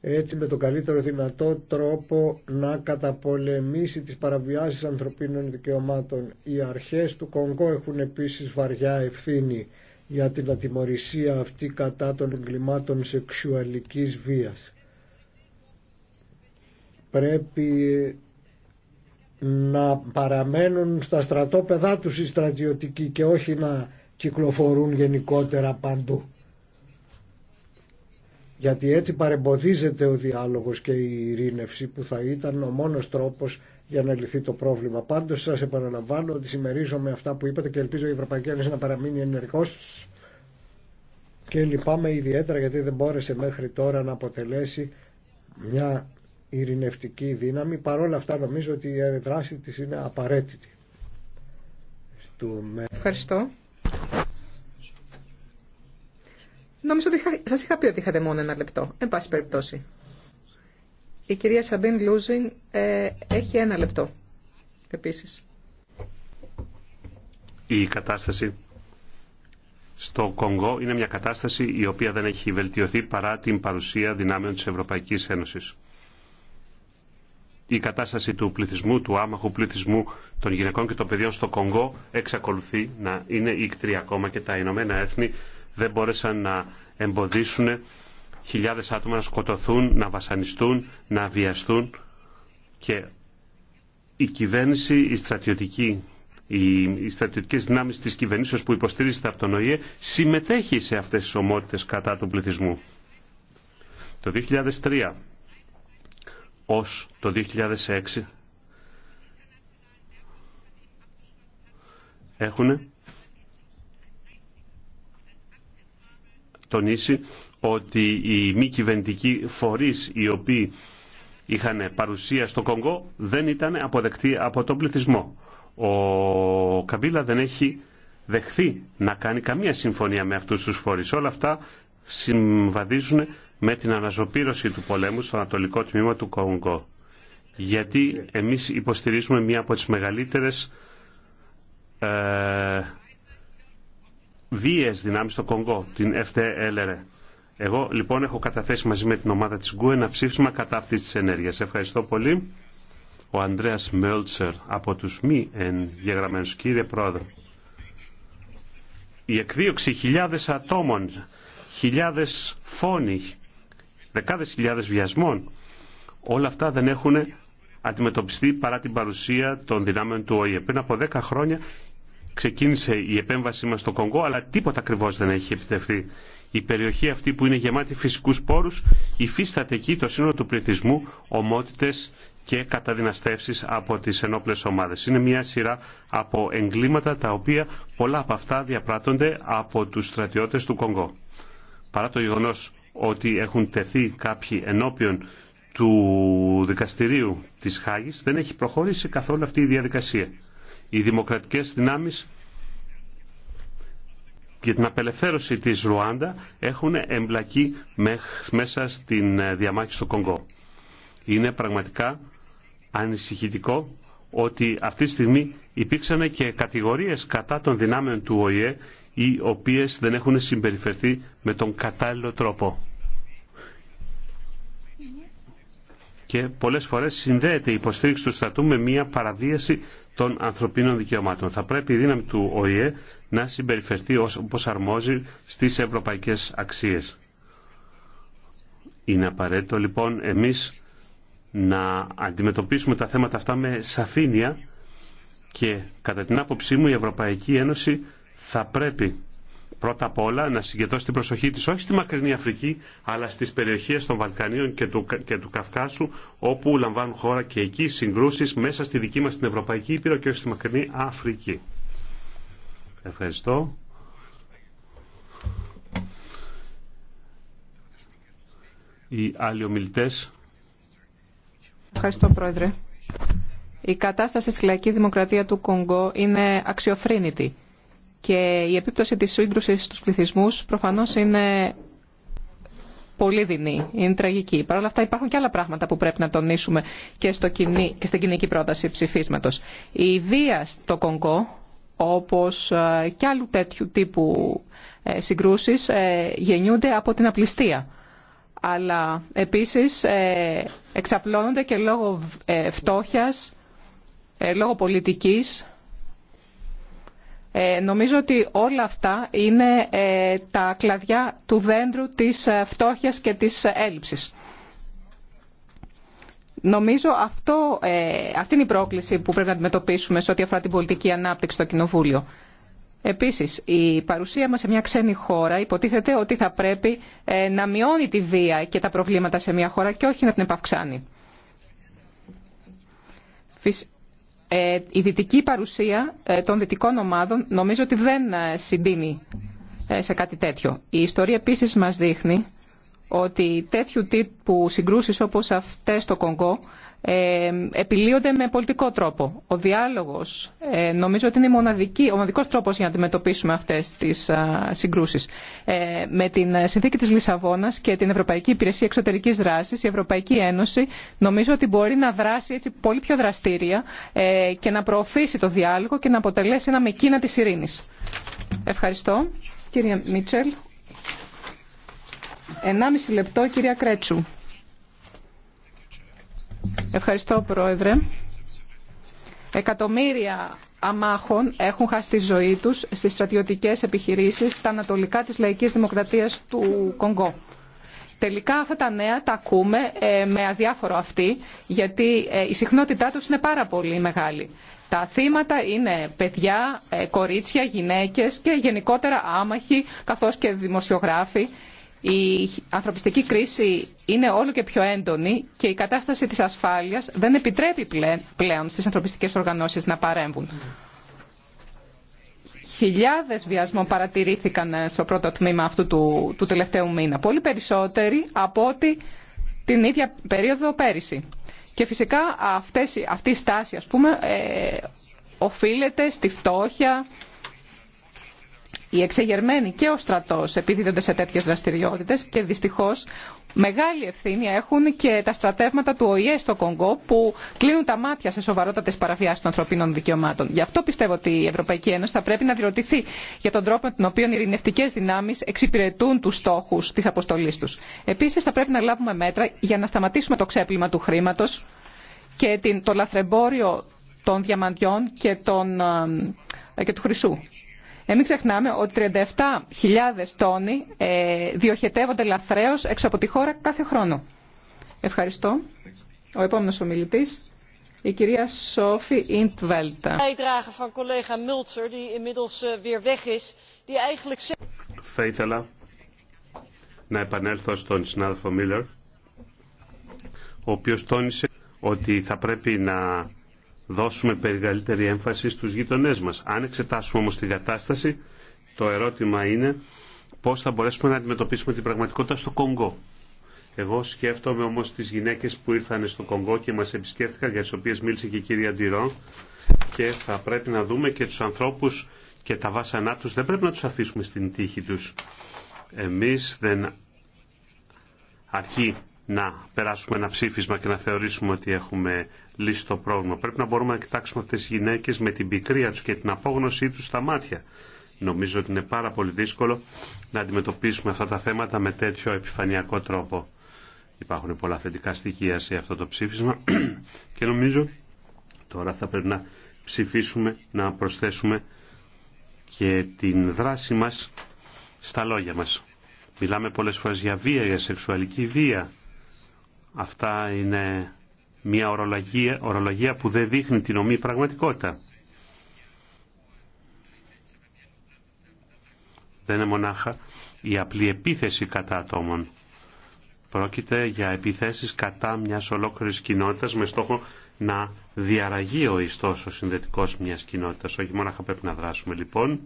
έτσι με τον καλύτερο δυνατό τρόπο να καταπολεμήσει τις παραβιάσεις ανθρωπίνων δικαιωμάτων. Οι αρχές του Κονγκό έχουν επίσης βαριά ευθύνη για την ατιμορρησία αυτή κατά των εγκλημάτων σεξουαλικής βίας. Πρέπει να παραμένουν στα στρατόπεδά τους οι στρατιωτικοί και όχι να κυκλοφορούν γενικότερα παντού. Γιατί έτσι παρεμποδίζεται ο διάλογος και η ειρήνευση που θα ήταν ο μόνος τρόπος για να λυθεί το πρόβλημα. Πάντω, σας επαναλαμβάνω ότι συμμερίζομαι αυτά που είπατε και ελπίζω η Ευρωπαϊκή Ένωση να παραμείνει ενεργός και λυπάμαι ιδιαίτερα γιατί δεν μπόρεσε μέχρι τώρα να αποτελέσει μια ειρηνευτική δύναμη. όλα αυτά νομίζω ότι η δράση της είναι απαραίτητη.
Ευχαριστώ. Νομίζω ότι σας είχα πει ότι είχατε μόνο ένα λεπτό. Εν πάση περιπτώσει. Η κυρία Σαμπίν Λούζιν ε, έχει ένα λεπτό επίσης.
Η κατάσταση στο Κονγκό είναι μια κατάσταση η οποία δεν έχει βελτιωθεί παρά την παρουσία δυνάμεων της Ευρωπαϊκής Ένωσης. Η κατάσταση του πληθυσμού, του άμαχου πληθυσμού των γυναικών και των παιδιών στο Κονγκό εξακολουθεί να είναι ήκτρια ακόμα και τα Ηνωμένα Έθνη δεν μπόρεσαν να εμποδίσουν χιλιάδες άτομα να σκοτωθούν, να βασανιστούν, να βιαστούν και η κυβέρνηση, η στρατιωτική, οι, οι στρατιωτικές δυνάμεις της κυβερνήσεως που υποστηρίζεται από τον ΟΗΕ συμμετέχει σε αυτές τις ομότητες κατά του πληθυσμού. Το 2003 ως το 2006 έχουν τονίσει ότι οι μη κυβερνητικοί φορεί οι οποίοι είχαν παρουσία στο Κονγκό δεν ήταν αποδεκτοί από τον πληθυσμό. Ο Καμπίλα δεν έχει δεχθεί να κάνει καμία συμφωνία με αυτούς τους φορείς. Όλα αυτά συμβαδίζουν με την αναζωπήρωση του πολέμου στο ανατολικό τμήμα του Κονγκό. Γιατί εμείς υποστηρίζουμε μία από τις μεγαλύτερες ε, βίαιες δυνάμεις στο Κονγκό, την FTLR. Εγώ λοιπόν έχω καταθέσει μαζί με την ομάδα της Γκου ένα ψήφισμα κατά αυτής της ενέργειας. Ευχαριστώ πολύ. Ο Ανδρέας Μέλτσερ από τους μη εγγεγραμμένους. Κύριε Πρόεδρε, η εκδίωξη χιλιάδες ατόμων, χιλιάδες φόνοι, δεκάδες χιλιάδες βιασμών, όλα αυτά δεν έχουν αντιμετωπιστεί παρά την παρουσία των δυνάμεων του ΟΗΕ. Πριν από 10 χρόνια ξεκίνησε η επέμβασή μας στο Κονγκό, αλλά τίποτα ακριβώς δεν έχει επιτευχθεί. Η περιοχή αυτή που είναι γεμάτη φυσικούς πόρους υφίσταται εκεί το σύνολο του πληθυσμού, ομότητες και καταδυναστεύσεις από τις ενόπλες ομάδες. Είναι μια σειρά από εγκλήματα τα οποία πολλά από αυτά διαπράττονται από τους στρατιώτες του Κονγκό. Παρά το γεγονός ότι έχουν τεθεί κάποιοι ενώπιον του δικαστηρίου της Χάγης δεν έχει προχωρήσει καθόλου αυτή η διαδικασία οι δημοκρατικές δυνάμεις και την απελευθέρωση της Ρουάντα έχουν εμπλακεί μέσα στην ε, διαμάχη στο Κονγκό. Είναι πραγματικά ανησυχητικό ότι αυτή τη στιγμή υπήρξαν και κατηγορίες κατά των δυνάμεων του ΟΗΕ οι οποίες δεν έχουν συμπεριφερθεί με τον κατάλληλο τρόπο. και πολλές φορές συνδέεται η υποστήριξη του στρατού με μια παραβίαση των ανθρωπίνων δικαιωμάτων. Θα πρέπει η δύναμη του ΟΗΕ να συμπεριφερθεί όπως αρμόζει στις ευρωπαϊκές αξίες. Είναι απαραίτητο λοιπόν εμείς να αντιμετωπίσουμε τα θέματα αυτά με σαφήνεια και κατά την άποψή μου η Ευρωπαϊκή Ένωση θα πρέπει πρώτα απ' όλα να συγκεντρώσει την προσοχή της όχι στη μακρινή Αφρική αλλά στις περιοχές των Βαλκανίων και του, και του Καυκάσου όπου λαμβάνουν χώρα και εκεί συγκρούσεις μέσα στη δική μας την Ευρωπαϊκή Ήπειρο και στη μακρινή Αφρική. Ευχαριστώ. Οι άλλοι ομιλητές.
Ευχαριστώ Πρόεδρε. Η κατάσταση στη λαϊκή δημοκρατία του Κονγκό είναι αξιοθρύνητη και η επίπτωση της σύγκρουσης στους πληθυσμούς προφανώς είναι πολύ δεινή, είναι τραγική. Παρ' όλα αυτά υπάρχουν και άλλα πράγματα που πρέπει να τονίσουμε και, στο κοινή, και στην κοινική πρόταση ψηφίσματος. Η βία στο Κονγκό, όπως ε, και άλλου τέτοιου τύπου ε, συγκρούσεις, ε, γεννιούνται από την απληστία. Αλλά επίσης εξαπλώνονται και λόγω φτώχειας, λόγω πολιτικής, ε, νομίζω ότι όλα αυτά είναι ε, τα κλαδιά του δέντρου της ε, φτώχειας και της έλλειψης. Νομίζω αυτό, αυτή είναι η πρόκληση που πρέπει να αντιμετωπίσουμε σε ό,τι αφορά την πολιτική ανάπτυξη στο Κοινοβούλιο. Επίσης, η παρουσία μας σε μια ξένη χώρα υποτίθεται ότι θα πρέπει να μειώνει τη βία και τα προβλήματα σε μια χώρα και όχι να την επαυξάνει. Ε, η δυτική παρουσία ε, των δυτικών ομάδων νομίζω ότι δεν ε, συντείνει σε κάτι τέτοιο. Η ιστορία επίσης μας δείχνει ότι τέτοιου τύπου συγκρούσεις όπως αυτές στο Κονγκό ε, επιλύονται με πολιτικό τρόπο. Ο διάλογος ε, νομίζω ότι είναι μοναδική, ο μοναδικός τρόπος για να αντιμετωπίσουμε αυτές τις συγκρούσει. συγκρούσεις. Ε, με την συνθήκη της Λισαβόνας και την Ευρωπαϊκή Υπηρεσία Εξωτερικής Δράσης, η Ευρωπαϊκή Ένωση νομίζω ότι μπορεί να δράσει έτσι πολύ πιο δραστήρια ε, και να προωθήσει το διάλογο και να αποτελέσει ένα μεκίνα της ειρήνης. Ευχαριστώ. Κύριε Μίτσελ, 1,5 λεπτό, κυρία Κρέτσου. Ευχαριστώ, Πρόεδρε. Εκατομμύρια αμάχων έχουν χάσει τη ζωή τους στις στρατιωτικές επιχειρήσεις στα ανατολικά της λαϊκής δημοκρατίας του Κονγκό. Τελικά αυτά τα νέα τα ακούμε ε, με αδιάφορο αυτή, γιατί ε, η συχνότητά τους είναι πάρα πολύ μεγάλη. Τα θύματα είναι παιδιά, ε, κορίτσια, γυναίκες και γενικότερα άμαχοι, καθώς και δημοσιογράφοι η ανθρωπιστική κρίση είναι όλο και πιο έντονη και η κατάσταση της ασφάλειας δεν επιτρέπει πλέον στις ανθρωπιστικές οργανώσεις να παρέμβουν. Χιλιάδες βιασμών παρατηρήθηκαν στο πρώτο τμήμα αυτού του, του τελευταίου μήνα. Πολύ περισσότεροι από ότι την ίδια περίοδο πέρυσι. Και φυσικά αυτές, αυτή η στάση, ας πούμε, ε, οφείλεται στη φτώχεια, οι εξεγερμένοι και ο στρατό επιδίδονται σε τέτοιε δραστηριότητε και δυστυχώ μεγάλη ευθύνη έχουν και τα στρατεύματα του ΟΗΕ στο Κονγκό που κλείνουν τα μάτια σε σοβαρότατε παραβιάσεις των ανθρωπίνων δικαιωμάτων. Γι' αυτό πιστεύω ότι η Ευρωπαϊκή Ένωση θα πρέπει να διρωτηθεί για τον τρόπο με τον οποίο οι ειρηνευτικέ δυνάμει εξυπηρετούν του στόχου τη αποστολή του. Επίση, θα πρέπει να λάβουμε μέτρα για να σταματήσουμε το ξέπλυμα του χρήματο και το λαθρεμπόριο των διαμαντιών και, των, ε, και του χρυσού. Ε, ξεχνάμε ότι 37.000 τόνοι ε, διοχετεύονται λαθρέως έξω από τη χώρα κάθε χρόνο. Ευχαριστώ. Ο επόμενος ομιλητής, η κυρία Σόφι Ιντβέλτα. Eh, θα ήθελα να
επανέλθω στον συνάδελφο Μίλλερ, ο οποίος τόνισε ότι θα πρέπει να δώσουμε περιγαλύτερη έμφαση στους γειτονές μας. Αν εξετάσουμε όμως την κατάσταση, το ερώτημα είναι πώς θα μπορέσουμε να αντιμετωπίσουμε την πραγματικότητα στο Κονγκό. Εγώ σκέφτομαι όμως τις γυναίκες που ήρθαν στο Κονγκό και μας επισκέφθηκαν, για τις οποίες μίλησε και η κυρία Ντυρό, και θα πρέπει να δούμε και τους ανθρώπους και τα βάσανά τους, δεν πρέπει να τους αφήσουμε στην τύχη τους. Εμείς δεν αρκεί να περάσουμε ένα ψήφισμα και να θεωρήσουμε ότι έχουμε λύσει το πρόβλημα. Πρέπει να μπορούμε να κοιτάξουμε αυτές τις γυναίκες με την πικρία τους και την απόγνωσή τους στα μάτια. Νομίζω ότι είναι πάρα πολύ δύσκολο να αντιμετωπίσουμε αυτά τα θέματα με τέτοιο επιφανειακό τρόπο. Υπάρχουν πολλά θετικά στοιχεία σε αυτό το ψήφισμα και νομίζω τώρα θα πρέπει να ψηφίσουμε, να προσθέσουμε και την δράση μας στα λόγια μας. Μιλάμε πολλές φορές για βία, για σεξουαλική βία, Αυτά είναι μια ορολογία, ορολογία που δεν δείχνει την ομή πραγματικότητα. Δεν είναι μονάχα η απλή επίθεση κατά ατόμων. Πρόκειται για επιθέσεις κατά μιας ολόκληρης κοινότητας με στόχο να διαραγεί ο ιστός ο συνδετικός μιας κοινότητας. Όχι μονάχα πρέπει να δράσουμε λοιπόν,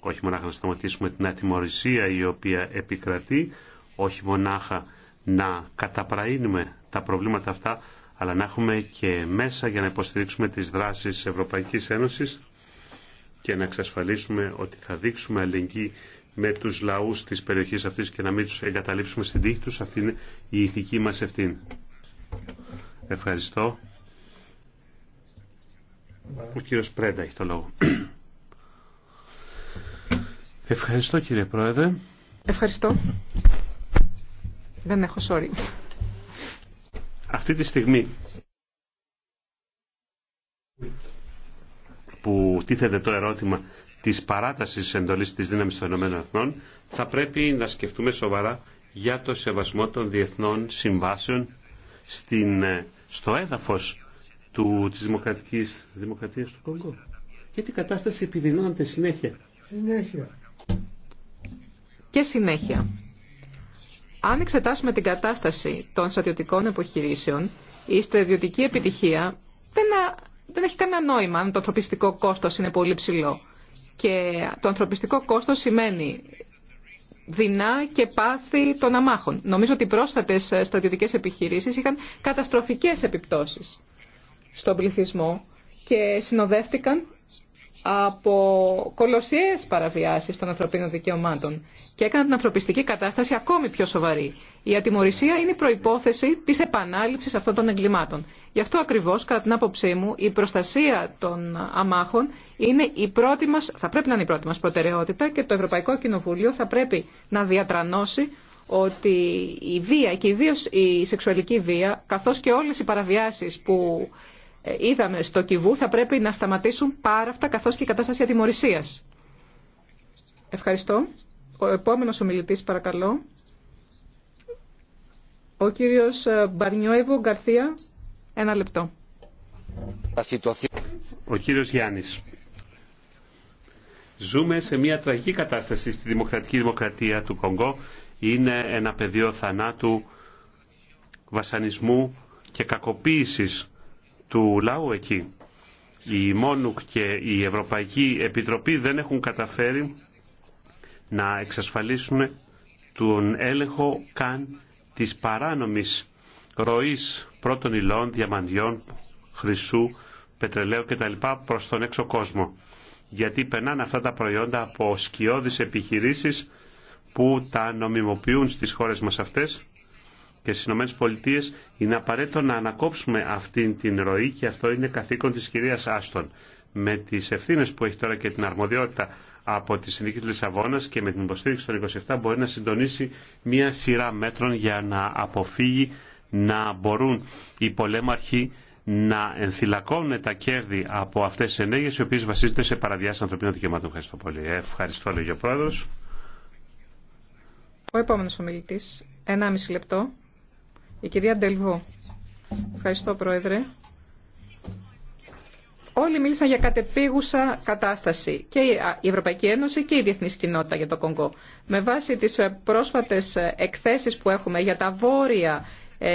όχι μονάχα να σταματήσουμε την ατιμορρησία η οποία επικρατεί, όχι μονάχα να καταπραίνουμε τα προβλήματα αυτά, αλλά να έχουμε και μέσα για να υποστηρίξουμε τις δράσεις της Ευρωπαϊκής Ένωσης και να εξασφαλίσουμε ότι θα δείξουμε αλληλεγγύη με τους λαούς της περιοχής αυτής και να μην τους εγκαταλείψουμε στην τύχη τους. Αυτή είναι η ηθική μας ευθύνη. Ευχαριστώ. Ο κύριος Πρέντα έχει το λόγο. Ευχαριστώ κύριε Πρόεδρε.
Ευχαριστώ. Δεν έχω, sorry.
Αυτή τη στιγμή που τίθεται το ερώτημα της παράτασης εντολής της δύναμης των Ηνωμένων θα πρέπει να σκεφτούμε σοβαρά για το σεβασμό των διεθνών συμβάσεων στην, ε, στο έδαφος του, της δημοκρατικής δημοκρατίας του Κόγκο.
Γιατί η κατάσταση επιδεινώνεται συνέχεια. Συνέχεια. Και συνέχεια. Αν εξετάσουμε την κατάσταση των στρατιωτικών επιχειρήσεων, η στρατιωτική επιτυχία δεν, έχει κανένα νόημα αν το ανθρωπιστικό κόστος είναι πολύ ψηλό. Και το ανθρωπιστικό κόστος σημαίνει δεινά και πάθη των αμάχων. Νομίζω ότι οι πρόσφατες ε, στρατιωτικές επιχειρήσεις είχαν καταστροφικές επιπτώσεις στον πληθυσμό και συνοδεύτηκαν από κολοσιαίες παραβιάσεις των ανθρωπίνων δικαιωμάτων και έκαναν την ανθρωπιστική κατάσταση ακόμη πιο σοβαρή. Η ατιμορρησία είναι η προϋπόθεση της επανάληψης αυτών των εγκλημάτων. Γι' αυτό ακριβώς, κατά την άποψή μου, η προστασία των αμάχων είναι η πρώτη θα πρέπει να είναι η πρώτη μας προτεραιότητα και το Ευρωπαϊκό Κοινοβούλιο θα πρέπει να διατρανώσει ότι η βία και ιδίω η σεξουαλική βία, καθώς και όλες οι παραβιάσεις που είδαμε στο Κιβού θα πρέπει να σταματήσουν πάρα αυτά καθώς και η κατάσταση ατιμορρησίας. Ευχαριστώ. Ο επόμενος ομιλητής παρακαλώ. Ο κύριος ε, Μπαρνιόεβο Γκαρθία. Ένα λεπτό.
Ο κύριος Γιάννης. Ζούμε σε μια τραγική κατάσταση στη δημοκρατική δημοκρατία του Κονγκό. Είναι ένα πεδίο θανάτου, βασανισμού και κακοποίησης του λαού εκεί. Η Μόνουκ και η Ευρωπαϊκή Επιτροπή δεν έχουν καταφέρει να εξασφαλίσουν τον έλεγχο καν της παράνομης ροής πρώτων υλών, διαμαντιών, χρυσού, πετρελαίου κτλ. προς τον έξω κόσμο. Γιατί περνάνε αυτά τα προϊόντα από σκιώδεις επιχειρήσεις που τα νομιμοποιούν στις χώρες μας αυτές και στι Πολιτείε είναι απαραίτητο να ανακόψουμε αυτήν την ροή και αυτό είναι καθήκον τη κυρία Άστον. Με τι ευθύνε που έχει τώρα και την αρμοδιότητα από τη Συνδίκη τη Λισαβόνα και με την υποστήριξη των 27 μπορεί να συντονίσει μία σειρά μέτρων για να αποφύγει να μπορούν οι πολέμαρχοι να ενθυλακώνουν τα κέρδη από αυτέ τι ενέργειε οι οποίε βασίζονται σε παραδιάσει ανθρωπίνων δικαιωμάτων. Ευχαριστώ πολύ. Ε, ευχαριστώ, λέγει ο πρόεδρο.
Ο επόμενο ομιλητή, 1,5 λεπτό. Η κυρία Ντελβού. Ευχαριστώ, Πρόεδρε. Όλοι μίλησαν για κατεπίγουσα κατάσταση και η Ευρωπαϊκή Ένωση και η διεθνή κοινότητα για το Κονγκό. Με βάση τις ε, πρόσφατες ε, εκθέσεις που έχουμε για τα βόρεια ε,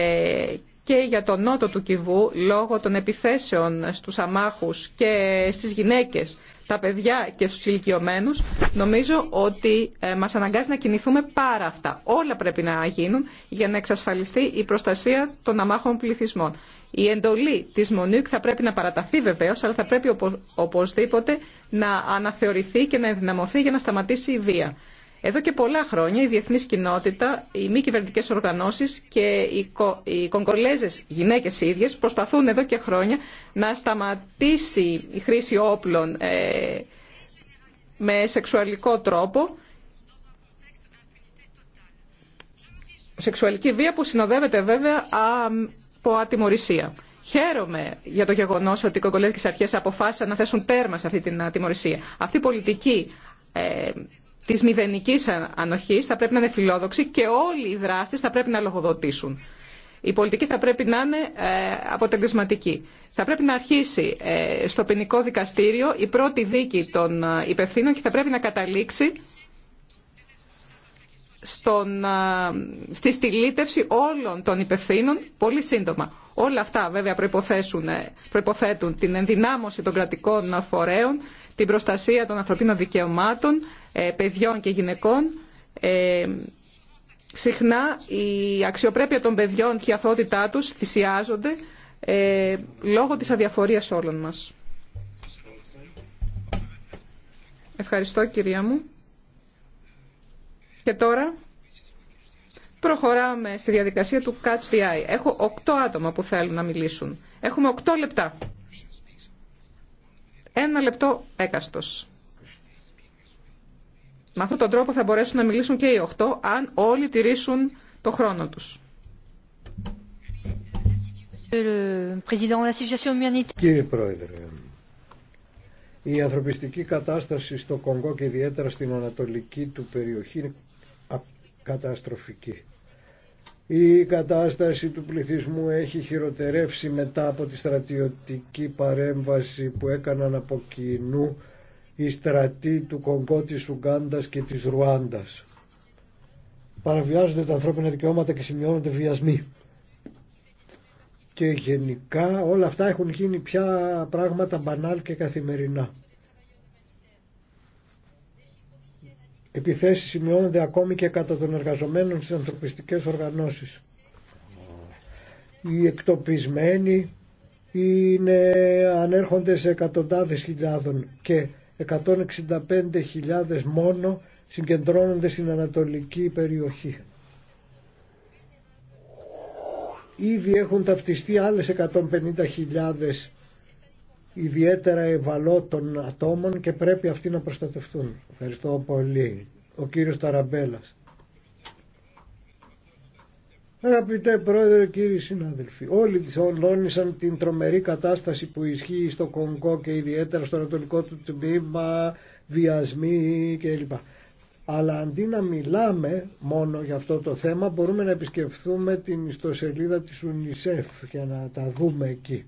και για το νότο του Κιβού λόγω των επιθέσεων στους αμάχους και στις γυναίκες στα παιδιά και στους ηλικιωμένους, νομίζω ότι ε, μας αναγκάζει να κινηθούμε πάρα αυτά. Όλα πρέπει να γίνουν για να εξασφαλιστεί η προστασία των αμάχων πληθυσμών. Η εντολή της Μονίουκ θα πρέπει να παραταθεί βεβαίως, αλλά θα πρέπει οπωσδήποτε να αναθεωρηθεί και να ενδυναμωθεί για να σταματήσει η βία. Εδώ και πολλά χρόνια η διεθνής κοινότητα, οι μη κυβερνητικέ οργανώσεις και οι, κο, οι κογκολέζες γυναίκες ίδιες προσπαθούν εδώ και χρόνια να σταματήσει η χρήση όπλων ε, με σεξουαλικό τρόπο, σεξουαλική βία που συνοδεύεται βέβαια από ατιμορρησία. Χαίρομαι για το γεγονός ότι οι κογκολέζικε αρχές αποφάσισαν να θέσουν τέρμα σε αυτή την ατιμορρησία. Αυτή η πολιτική ε, Τη μηδενικής ανοχή, θα πρέπει να είναι φιλόδοξη και όλοι οι δράστε θα πρέπει να λογοδοτήσουν. Η πολιτική θα πρέπει να είναι ε, αποτελεσματική. Θα πρέπει να αρχίσει ε, στο ποινικό δικαστήριο η πρώτη δίκη των ε, υπευθύνων και θα πρέπει να καταλήξει στον, στη στυλίτευση όλων των υπευθύνων πολύ σύντομα. Όλα αυτά βέβαια προϋποθέσουν, προϋποθέτουν την ενδυνάμωση των κρατικών φορέων, την προστασία των ανθρωπίνων δικαιωμάτων, ε, παιδιών και γυναικών ε, συχνά η αξιοπρέπεια των παιδιών και η αθότητά τους θυσιάζονται ε, λόγω της αδιαφορίας όλων μας. Ευχαριστώ κυρία μου. Και τώρα προχωράμε στη διαδικασία του Catch the Eye. Έχω οκτώ άτομα που θέλουν να μιλήσουν. Έχουμε οκτώ λεπτά. Ένα λεπτό έκαστος. Με αυτόν τον τρόπο θα μπορέσουν να μιλήσουν και οι 8 αν όλοι τηρήσουν το χρόνο τους.
Κύριε Πρόεδρε, η ανθρωπιστική κατάσταση στο Κονγκό και ιδιαίτερα στην ανατολική του περιοχή είναι καταστροφική. Η κατάσταση του πληθυσμού έχει χειροτερεύσει μετά από τη στρατιωτική παρέμβαση που έκαναν από κοινού οι στρατοί του Κονγκό, της Ουγκάντας και της Ρουάντας. Παραβιάζονται τα ανθρώπινα δικαιώματα και σημειώνονται βιασμοί. Και γενικά όλα αυτά έχουν γίνει πια πράγματα μπανάλ και καθημερινά. Επιθέσεις σημειώνονται ακόμη και κατά των εργαζομένων στις ανθρωπιστικές οργανώσεις. Οι εκτοπισμένοι είναι, ανέρχονται σε εκατοντάδες χιλιάδων και 165.000 μόνο συγκεντρώνονται στην ανατολική περιοχή. Ήδη έχουν ταυτιστεί άλλες 150.000 ιδιαίτερα ευαλώτων ατόμων και πρέπει αυτοί να προστατευτούν. Ευχαριστώ πολύ. Ο κύριος Ταραμπέλας. Αγαπητέ Πρόεδρε, κύριοι συνάδελφοι, όλοι ολώνησαν την τρομερή κατάσταση που ισχύει στο Κονγκό και ιδιαίτερα στο ανατολικό του τμήμα, βιασμοί κλπ. Αλλά αντί να μιλάμε μόνο για αυτό το θέμα, μπορούμε να επισκεφθούμε την ιστοσελίδα της UNICEF για να τα δούμε εκεί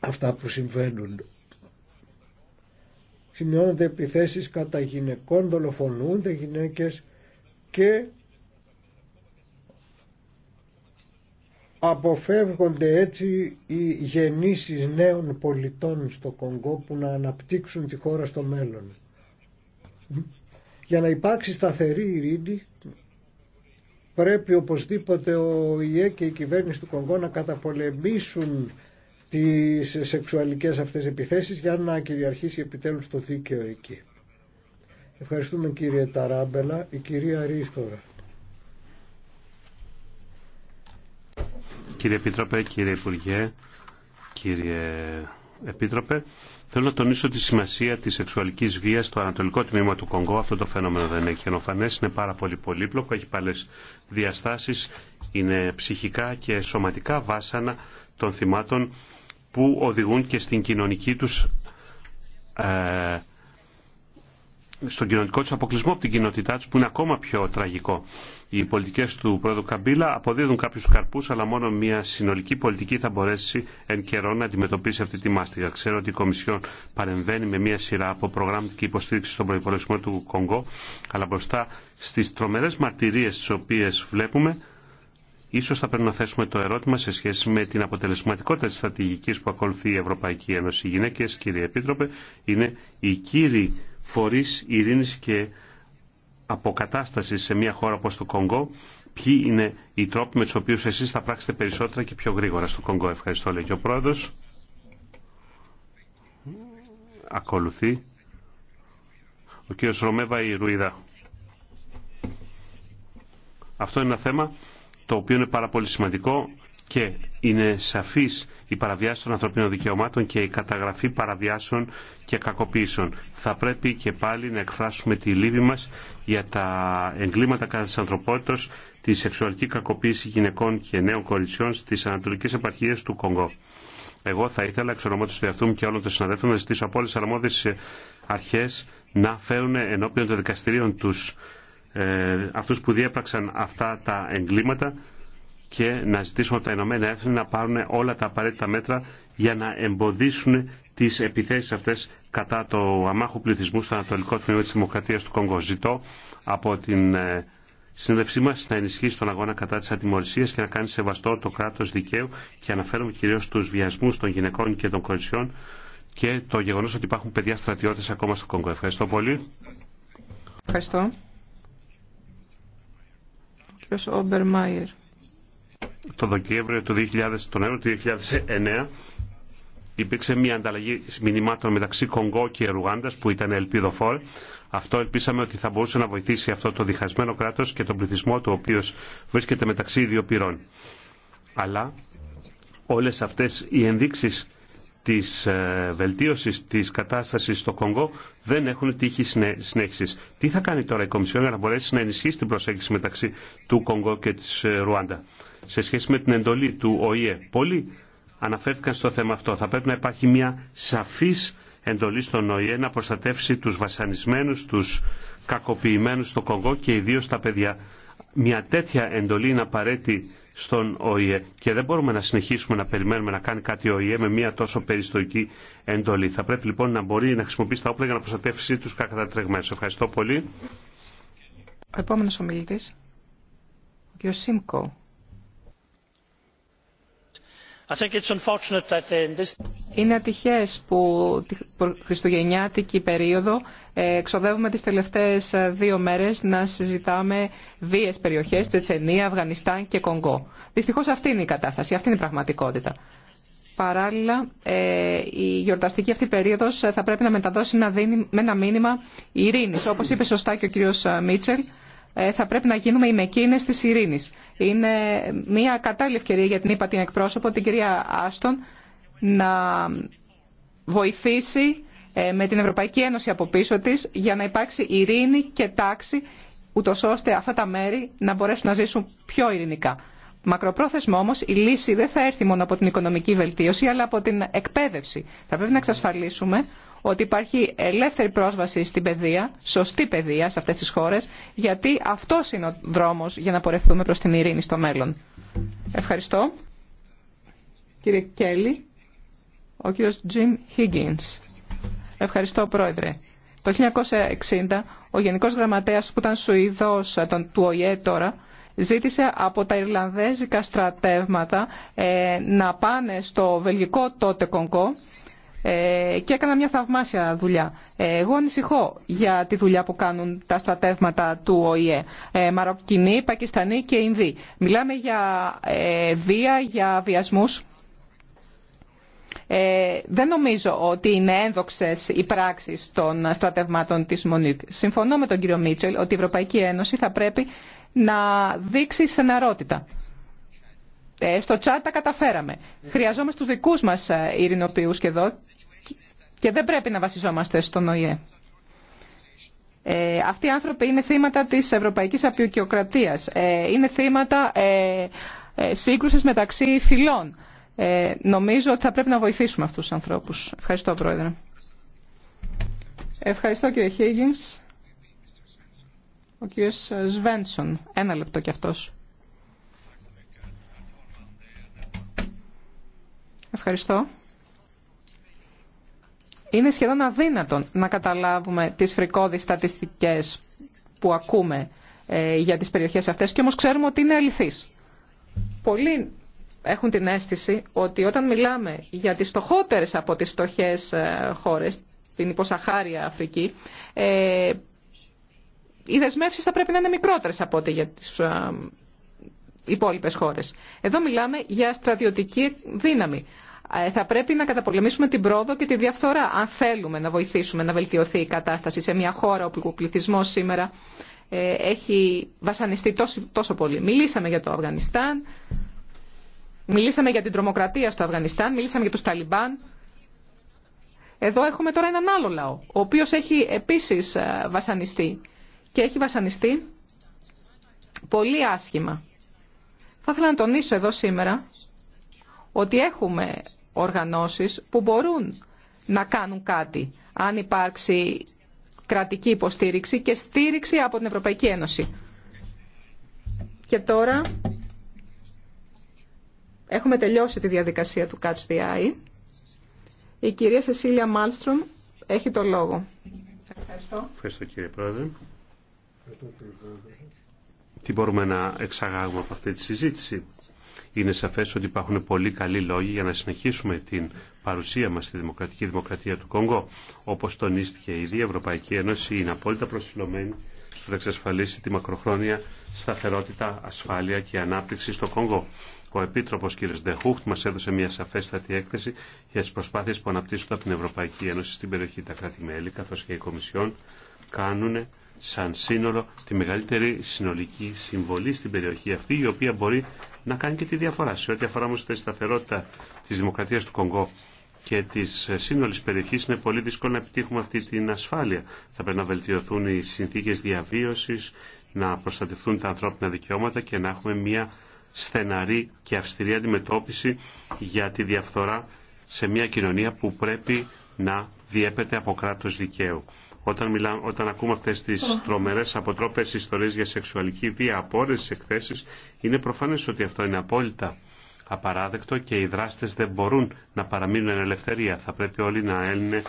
αυτά που συμβαίνουν. Σημειώνονται επιθέσεις κατά γυναικών, δολοφονούνται γυναίκες και Αποφεύγονται έτσι οι γεννήσεις νέων πολιτών στο Κονγκό που να αναπτύξουν τη χώρα στο μέλλον. Για να υπάρξει σταθερή ειρήνη πρέπει οπωσδήποτε ο ΙΕ και η κυβέρνηση του Κονγκό να καταπολεμήσουν τις σεξουαλικές αυτές επιθέσεις για να κυριαρχήσει επιτέλους το δίκαιο εκεί. Ευχαριστούμε κύριε Ταράμπελα, η κυρία Ρίστορα.
κύριε Επίτροπε, κύριε Υπουργέ, κύριε Επίτροπε. Θέλω να τονίσω τη σημασία τη σεξουαλική βία στο ανατολικό τμήμα του Κονγκό. Αυτό το φαινόμενο δεν έχει ενοφανέ, είναι πάρα πολύ πολύπλοκο, έχει παλέ διαστάσει, είναι ψυχικά και σωματικά βάσανα των θυμάτων που οδηγούν και στην κοινωνική τους ε, στον κοινωνικό του αποκλεισμό από την κοινότητά του, που είναι ακόμα πιο τραγικό. Οι πολιτικέ του πρόεδρου Καμπίλα αποδίδουν κάποιου καρπού, αλλά μόνο μια συνολική πολιτική θα μπορέσει εν καιρό να αντιμετωπίσει αυτή τη μάστιγα. Ξέρω ότι η Κομισιόν παρεμβαίνει με μια σειρά από και υποστήριξη στον προπολογισμό του Κονγκό, αλλά μπροστά στι τρομερέ μαρτυρίε τι οποίε βλέπουμε, Ίσως θα πρέπει να θέσουμε το ερώτημα σε σχέση με την αποτελεσματικότητα της στρατηγικής που ακολουθεί η Ευρωπαϊκή Ένωση. Οι γυναίκες, κύριε Επίτροπε, είναι οι κύριοι φορείς ειρήνης και αποκατάστασης σε μια χώρα όπως το Κονγκό, ποιοι είναι οι τρόποι με τους οποίους εσείς θα πράξετε περισσότερα και πιο γρήγορα στο Κονγκό. Ευχαριστώ, λέει και ο πρόεδρος. Ακολουθεί ο κύριος Ρωμέβα Ιρουίδα. Αυτό είναι ένα θέμα το οποίο είναι πάρα πολύ σημαντικό και είναι σαφής η παραβιάση των ανθρωπίνων δικαιωμάτων και η καταγραφή παραβιάσεων και κακοποίησεων. Θα πρέπει και πάλι να εκφράσουμε τη λύπη μας για τα εγκλήματα κατά της ανθρωπότητας, τη σεξουαλική κακοποίηση γυναικών και νέων κοριτσιών στις ανατολικές επαρχίες του Κονγκό. Εγώ θα ήθελα εξ ονομάτων του εαυτού μου και όλων των συναδέλφων να ζητήσω από όλε τι αρμόδιε ε, αρχέ να φέρουν ενώπιον των δικαστηρίων του ε, αυτού που διέπραξαν αυτά τα εγκλήματα και να ζητήσουμε από τα Ηνωμένα Έθνη να πάρουν όλα τα απαραίτητα μέτρα για να εμποδίσουν τις επιθέσεις αυτές κατά το αμάχου πληθυσμού στο Ανατολικό Τμήμα της Δημοκρατίας του Κόγκο. Ζητώ από την ε, συνέλευσή μας να ενισχύσει τον αγώνα κατά της ατιμορρησίας και να κάνει σεβαστό το κράτος δικαίου και αναφέρομαι κυρίως στους βιασμούς των γυναικών και των κοριτσιών και το γεγονός ότι υπάρχουν παιδιά στρατιώτες ακόμα στο Κόγκο. Ευχαριστώ πολύ.
Ευχαριστώ. Όμπερ Μάιερ
το Δεκέμβριο του 2000, τον 2009 υπήρξε μια ανταλλαγή μηνυμάτων μεταξύ Κονγκό και Ρουάντα που ήταν ελπιδοφόρ. Αυτό ελπίσαμε ότι θα μπορούσε να βοηθήσει αυτό το διχασμένο κράτος και τον πληθυσμό του ο βρίσκεται μεταξύ δύο πυρών. Αλλά όλες αυτές οι ενδείξεις της ε, βελτίωσης της κατάστασης στο Κονγκό δεν έχουν τύχει συνέχισης. Τι θα κάνει τώρα η Κομισιόν για να μπορέσει να ενισχύσει την προσέγγιση μεταξύ του Κονγκό και της ε, Ρουάντα σε σχέση με την εντολή του ΟΗΕ. Πολλοί αναφέρθηκαν στο θέμα αυτό. Θα πρέπει να υπάρχει μια σαφής εντολή στον ΟΗΕ να προστατεύσει τους βασανισμένους, τους κακοποιημένους στο Κονγκό και ιδίως τα παιδιά μια τέτοια εντολή είναι απαραίτητη στον ΟΗΕ και δεν μπορούμε να συνεχίσουμε να περιμένουμε να κάνει κάτι ο ΟΗΕ με μια τόσο περιστοϊκή εντολή. Θα πρέπει λοιπόν να μπορεί να χρησιμοποιήσει τα όπλα για να προστατεύσει τους κακατατρεγμένου. Ευχαριστώ πολύ.
Ο επόμενος ομιλητής, ο κ. Σίμκο. Είναι ατυχές που τη χριστουγεννιάτικη περίοδο Ξοδεύουμε τις τελευταίες ε, δύο μέρες να συζητάμε βίες περιοχές, Τσετσενία, Αφγανιστάν και Κονγκό. Δυστυχώς αυτή είναι η κατάσταση, αυτή είναι η πραγματικότητα. Παράλληλα, ε, η γιορταστική αυτή περίοδος ε, θα πρέπει να μεταδώσει ένα, δίνει, ένα μήνυμα ειρήνης. Όπως είπε σωστά και ο κύριο Μίτσελ, θα πρέπει να γίνουμε οι μεκίνες της ειρήνης. Είναι μια κατάλληλη ευκαιρία για την είπα την εκπρόσωπο, την κυρία Άστον, να βοηθήσει ε, με την Ευρωπαϊκή Ένωση από πίσω τη για να υπάρξει ειρήνη και τάξη ούτω ώστε αυτά τα μέρη να μπορέσουν να ζήσουν πιο ειρηνικά. Μακροπρόθεσμα όμω, η λύση δεν θα έρθει μόνο από την οικονομική βελτίωση αλλά από την εκπαίδευση. Θα πρέπει να εξασφαλίσουμε ότι υπάρχει ελεύθερη πρόσβαση στην παιδεία, σωστή παιδεία σε αυτέ τι χώρε, γιατί αυτό είναι ο δρόμο για να πορευτούμε προ την ειρήνη στο μέλλον. Ευχαριστώ. Κύριε Κέλλη, ο κύριος Higgins. Ευχαριστώ, Πρόεδρε. Το 1960 ο Γενικός Γραμματέας που ήταν Σουηδό ε, του ΟΗΕ τώρα ζήτησε από τα Ιρλανδέζικα στρατεύματα ε, να πάνε στο βελγικό τότε Κονκό ε, και έκανα μια θαυμάσια δουλειά. εγώ ανησυχώ για τη δουλειά που κάνουν τα στρατεύματα του ΟΗΕ. Ε, Μαροκινοί, Πακιστανοί και Ινδοί. Μιλάμε για βία, για βιασμούς. Ε, δεν νομίζω ότι είναι ένδοξες οι πράξεις των στρατευμάτων της Μονίκ. Συμφωνώ με τον κύριο Μίτσελ ότι η Ευρωπαϊκή Ένωση θα πρέπει να δείξει στεναρότητα. Ε, στο τσάτ τα καταφέραμε. Χρειαζόμαστε τους δικούς μας ε, ειρηνοποιούς και εδώ και δεν πρέπει να βασιζόμαστε στον ΟΗΕ. αυτοί οι άνθρωποι είναι θύματα της ευρωπαϊκής απειοκιοκρατίας. είναι θύματα ε, σύγκρουσης μεταξύ φυλών. Ε, νομίζω ότι θα πρέπει να βοηθήσουμε αυτούς τους ανθρώπους. Ευχαριστώ, Πρόεδρε. Ευχαριστώ, κύριε Higgins, Ο κύριος Σβένσον. Ένα λεπτό κι αυτός. Ευχαριστώ. Είναι σχεδόν αδύνατον να καταλάβουμε τις φρικόδεις στατιστικές που ακούμε ε, για τις περιοχές αυτές και όμως ξέρουμε ότι είναι αληθείς έχουν την αίσθηση ότι όταν μιλάμε για τις στοχότερες από τις στοχές ε, χώρες, την υποσαχάρια Αφρική, ε, οι δεσμεύσει θα πρέπει να είναι μικρότερες από ό,τι για τις ε, υπόλοιπες χώρες. Εδώ μιλάμε για στρατιωτική δύναμη. Ε, θα πρέπει να καταπολεμήσουμε την πρόοδο και τη διαφθορά, αν θέλουμε να βοηθήσουμε να βελτιωθεί η κατάσταση σε μια χώρα όπου ο πληθυσμό σήμερα ε, έχει βασανιστεί τόσο, τόσο πολύ. Μιλήσαμε για το Αφγανιστάν, Μιλήσαμε για την τρομοκρατία στο Αφγανιστάν, μιλήσαμε για τους Ταλιμπάν. Εδώ έχουμε τώρα έναν άλλο λαό, ο οποίος έχει επίσης ε, βασανιστεί και έχει βασανιστεί πολύ άσχημα. Θα ήθελα να τονίσω εδώ σήμερα ότι έχουμε οργανώσεις που μπορούν να κάνουν κάτι αν υπάρξει κρατική υποστήριξη και στήριξη από την Ευρωπαϊκή Ένωση. Και τώρα Έχουμε τελειώσει τη διαδικασία του Catch the Eye. Η κυρία Σεσίλια Μάλστρομ έχει το λόγο.
Ευχαριστώ. Ευχαριστώ κύριε Πρόεδρε. Τι μπορούμε να εξαγάγουμε από αυτή τη συζήτηση. Είναι σαφές ότι υπάρχουν πολύ καλοί λόγοι για να συνεχίσουμε την παρουσία μας στη Δημοκρατική Δημοκρατία του Κόγκο. Όπως τονίστηκε ήδη, η Ευρωπαϊκή Ένωση είναι απόλυτα προσφυλωμένη στο να εξασφαλίσει τη μακροχρόνια σταθερότητα, ασφάλεια και ανάπτυξη στο Κόγκο. Ο Επίτροπο κ. Ντεχούχτ μα έδωσε μια σαφέστατη έκθεση για τι προσπάθειε που αναπτύσσονται από την Ευρωπαϊκή Ένωση στην περιοχή. Τα κράτη-μέλη καθώ και η Κομισιόν κάνουν σαν σύνολο τη μεγαλύτερη συνολική συμβολή στην περιοχή αυτή, η οποία μπορεί να κάνει και τη διαφορά. Σε ό,τι αφορά όμω τη σταθερότητα τη Δημοκρατία του Κονγκό και τη σύνολη περιοχή, είναι πολύ δύσκολο να επιτύχουμε αυτή την ασφάλεια. Θα πρέπει να βελτιωθούν οι συνθήκε διαβίωση, να προστατευτούν τα ανθρώπινα δικαιώματα και να έχουμε μια στεναρή και αυστηρή αντιμετώπιση για τη διαφθορά σε μια κοινωνία που πρέπει να διέπεται από κράτος δικαίου. Όταν, μιλά, όταν ακούμε αυτές τις τρομερές αποτρόπες ιστορίες για σεξουαλική βία από όλες τις εκθέσεις, είναι προφανές ότι αυτό είναι απόλυτα απαράδεκτο και οι δράστες δεν μπορούν να παραμείνουν ελευθερία. Θα πρέπει όλοι να έλυνε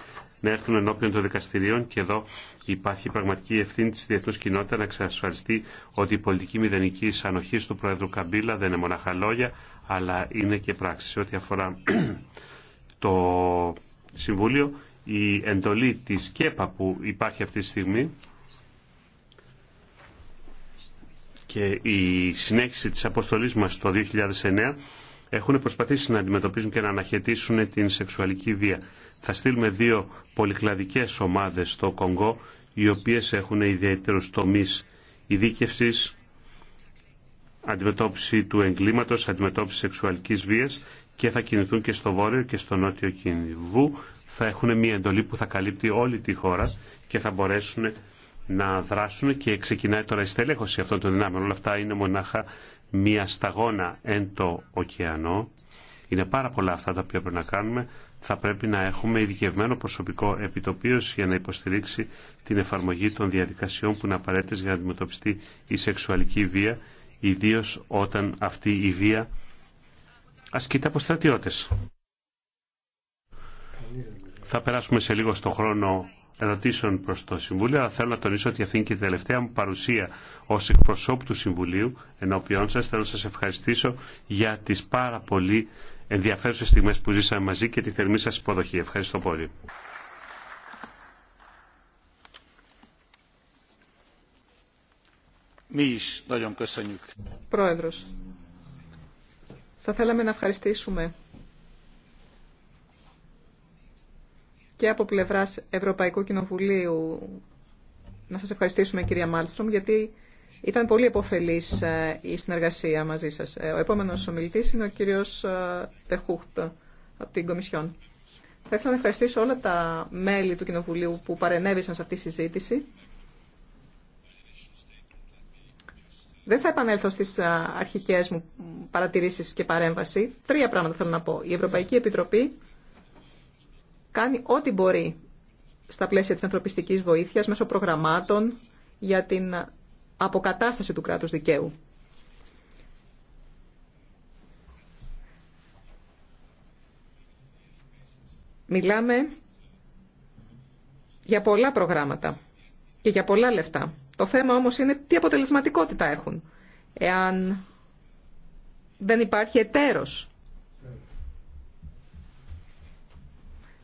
να έρθουν ενώπιον των δικαστηρίων και εδώ υπάρχει πραγματική ευθύνη τη διεθνούς κοινότητα να εξασφαλιστεί ότι η πολιτική μηδενική ανοχή του Πρόεδρου Καμπίλα δεν είναι μονάχα λόγια αλλά είναι και πράξη. Ό,τι αφορά το Συμβούλιο, η εντολή της ΚΕΠΑ που υπάρχει αυτή τη στιγμή και η συνέχιση της αποστολής μα το 2009 έχουν προσπαθήσει να αντιμετωπίσουν και να αναχαιτήσουν την σεξουαλική βία. Θα στείλουμε δύο πολυκλαδικές ομάδες στο Κονγκό, οι οποίες έχουν ιδιαίτερους τομείς ειδίκευσης, αντιμετώπιση του εγκλήματος, αντιμετώπιση σεξουαλικής βίας και θα κινηθούν και στο βόρειο και στο νότιο Κινηβού. Θα έχουν μια εντολή που θα καλύπτει όλη τη χώρα και θα μπορέσουν να δράσουν και ξεκινάει τώρα η στελέχωση αυτών των δυνάμεων. Όλα αυτά είναι μονάχα μια σταγόνα εν το ωκεανό. Είναι πάρα πολλά αυτά τα οποία πρέπει να κάνουμε θα πρέπει να έχουμε ειδικευμένο προσωπικό επιτοπίως για να υποστηρίξει την εφαρμογή των διαδικασιών που είναι απαραίτητε για να αντιμετωπιστεί η σεξουαλική βία, ιδίως όταν αυτή η βία ασκείται από στρατιώτε. Θα περάσουμε σε λίγο στο χρόνο ερωτήσεων προς το Συμβούλιο, αλλά θέλω να τονίσω ότι αυτή είναι και η τελευταία μου παρουσία ως εκπροσώπου του Συμβουλίου, ενώπιόν σας. Θέλω να σας ευχαριστήσω για τις πάρα πολύ ενδιαφέρουσες στιγμές που ζήσαμε μαζί και τη θερμή σας υποδοχή. Ευχαριστώ πολύ.
Πρόεδρος, θα θέλαμε να ευχαριστήσουμε και από πλευράς Ευρωπαϊκού Κοινοβουλίου να σας ευχαριστήσουμε κυρία Μάλστρομ γιατί ήταν πολύ επωφελής ε, η συνεργασία μαζί σας. Ε, ο επόμενος ομιλητής είναι ο κύριος Τεχούχτ από την Κομισιόν. Θα ήθελα να ευχαριστήσω όλα τα μέλη του Κοινοβουλίου που παρενέβησαν σε αυτή τη συζήτηση. Δεν θα επανέλθω στις ε, αρχικές μου παρατηρήσεις και παρέμβαση. Τρία πράγματα θέλω να πω. Η Ευρωπαϊκή Επιτροπή κάνει ό,τι μπορεί στα πλαίσια της ανθρωπιστικής βοήθειας μέσω προγραμμάτων για την αποκατάσταση του κράτους δικαίου. Μιλάμε για πολλά προγράμματα και για πολλά λεφτά. Το θέμα όμως είναι τι αποτελεσματικότητα έχουν εάν δεν υπάρχει εταίρος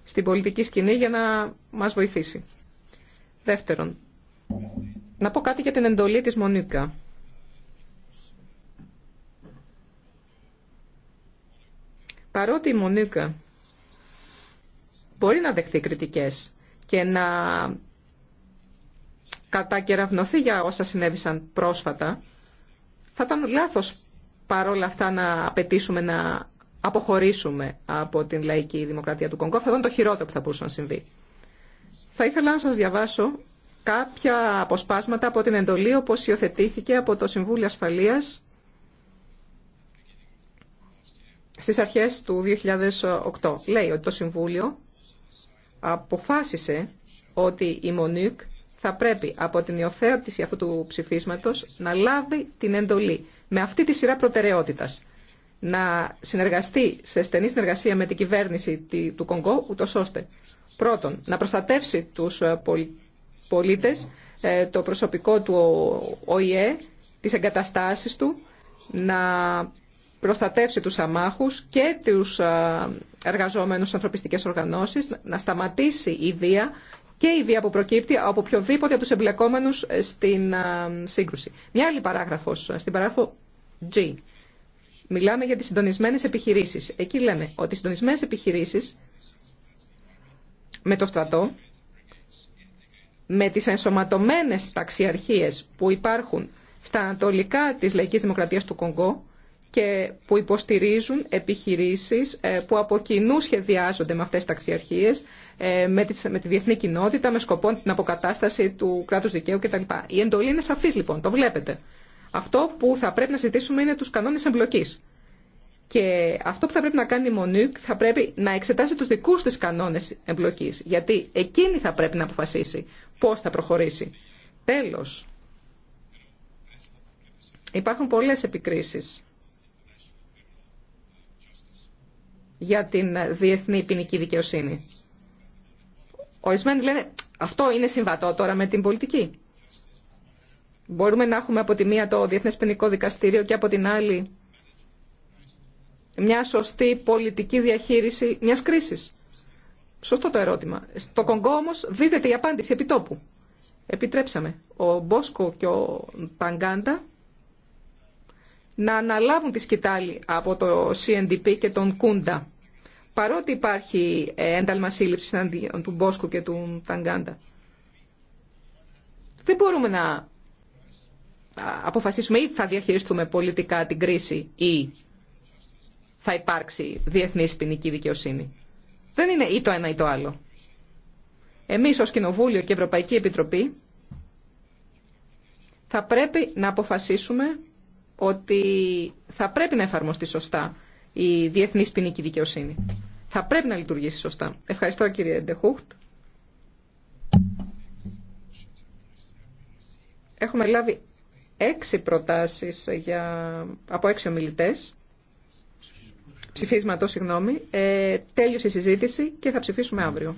στην πολιτική σκηνή για να μας βοηθήσει. Δεύτερον, να πω κάτι για την εντολή της Μονίκα. Παρότι η Μονίκα μπορεί να δεχθεί κριτικές και να κατακεραυνοθεί για όσα συνέβησαν πρόσφατα, θα ήταν λάθος παρόλα αυτά να απαιτήσουμε να αποχωρήσουμε από την λαϊκή δημοκρατία του Κονγκό. Θα ήταν το χειρότερο που θα μπορούσε να συμβεί. Θα ήθελα να σας διαβάσω κάποια αποσπάσματα από την εντολή όπως υιοθετήθηκε από το Συμβούλιο Ασφαλείας στις αρχές του 2008. Λέει ότι το Συμβούλιο αποφάσισε ότι η Μονίκ θα πρέπει από την υιοθέτηση αυτού του ψηφίσματος να λάβει την εντολή με αυτή τη σειρά προτεραιότητας να συνεργαστεί σε στενή συνεργασία με την κυβέρνηση του Κονγκό, ούτω ώστε πρώτον να προστατεύσει τους ε, πολίτες, ε, το προσωπικό του ΟΗΕ, τις εγκαταστάσεις του, να προστατεύσει τους αμάχους και τους ε, εργαζόμενους ανθρωπιστικές οργανώσεις, να σταματήσει η βία και η βία που προκύπτει από οποιοδήποτε από τους εμπλεκόμενους στην σύγκρουση. Μια άλλη παράγραφος, στην παράγραφο G Μιλάμε για τις συντονισμένες επιχειρήσεις. Εκεί λέμε ότι οι συντονισμένες επιχειρήσεις με το στρατό, με τις ενσωματωμένες ταξιαρχίες που υπάρχουν στα ανατολικά της λαϊκής δημοκρατίας του Κονγκό και που υποστηρίζουν επιχειρήσεις ε, που από κοινού σχεδιάζονται με αυτές τις ταξιαρχίες, ε, με τη διεθνή κοινότητα, με σκοπό την αποκατάσταση του κράτους δικαίου κτλ. Η εντολή είναι σαφής λοιπόν, το βλέπετε. Αυτό που θα πρέπει να ζητήσουμε είναι τους κανόνες εμπλοκής. Και αυτό που θα πρέπει να κάνει η Μονίκ θα πρέπει να εξετάσει τους δικούς της κανόνες εμπλοκής. Γιατί εκείνη θα πρέπει να αποφασίσει πώς θα προχωρήσει. Τέλος, υπάρχουν πολλές επικρίσεις για την διεθνή ποινική δικαιοσύνη. Ορισμένοι λένε αυτό είναι συμβατό τώρα με την πολιτική. Μπορούμε να έχουμε από τη μία το Διεθνές Ποινικό Δικαστήριο και από την άλλη μια σωστή πολιτική διαχείριση μιας κρίσης. Σωστό το ερώτημα. Στο Κονγκό όμως δίδεται η απάντηση επιτόπου. Επιτρέψαμε ο Μπόσκο και ο Ταγκάντα να αναλάβουν τη σκητάλη από το CNDP και τον Κούντα. Παρότι υπάρχει ε, ένταλμα σύλληψης του Μπόσκου και του Ταγκάντα. Δεν μπορούμε να αποφασίσουμε ή θα διαχειριστούμε πολιτικά την κρίση ή θα υπάρξει διεθνής ποινική δικαιοσύνη. Δεν είναι ή το ένα ή το άλλο. Εμείς ως Κοινοβούλιο και Ευρωπαϊκή Επιτροπή θα πρέπει να αποφασίσουμε ότι θα πρέπει να εφαρμοστεί σωστά η διεθνής ποινική δικαιοσύνη. Θα πρέπει να λειτουργήσει σωστά. σωστα η διεθνή κύριε Ντεχούχτ. Έχουμε λάβει έξι προτάσεις για, από έξι ομιλητές ψηφίσματο, συγγνώμη. Ε, τέλειωσε η συζήτηση και θα ψηφίσουμε αύριο.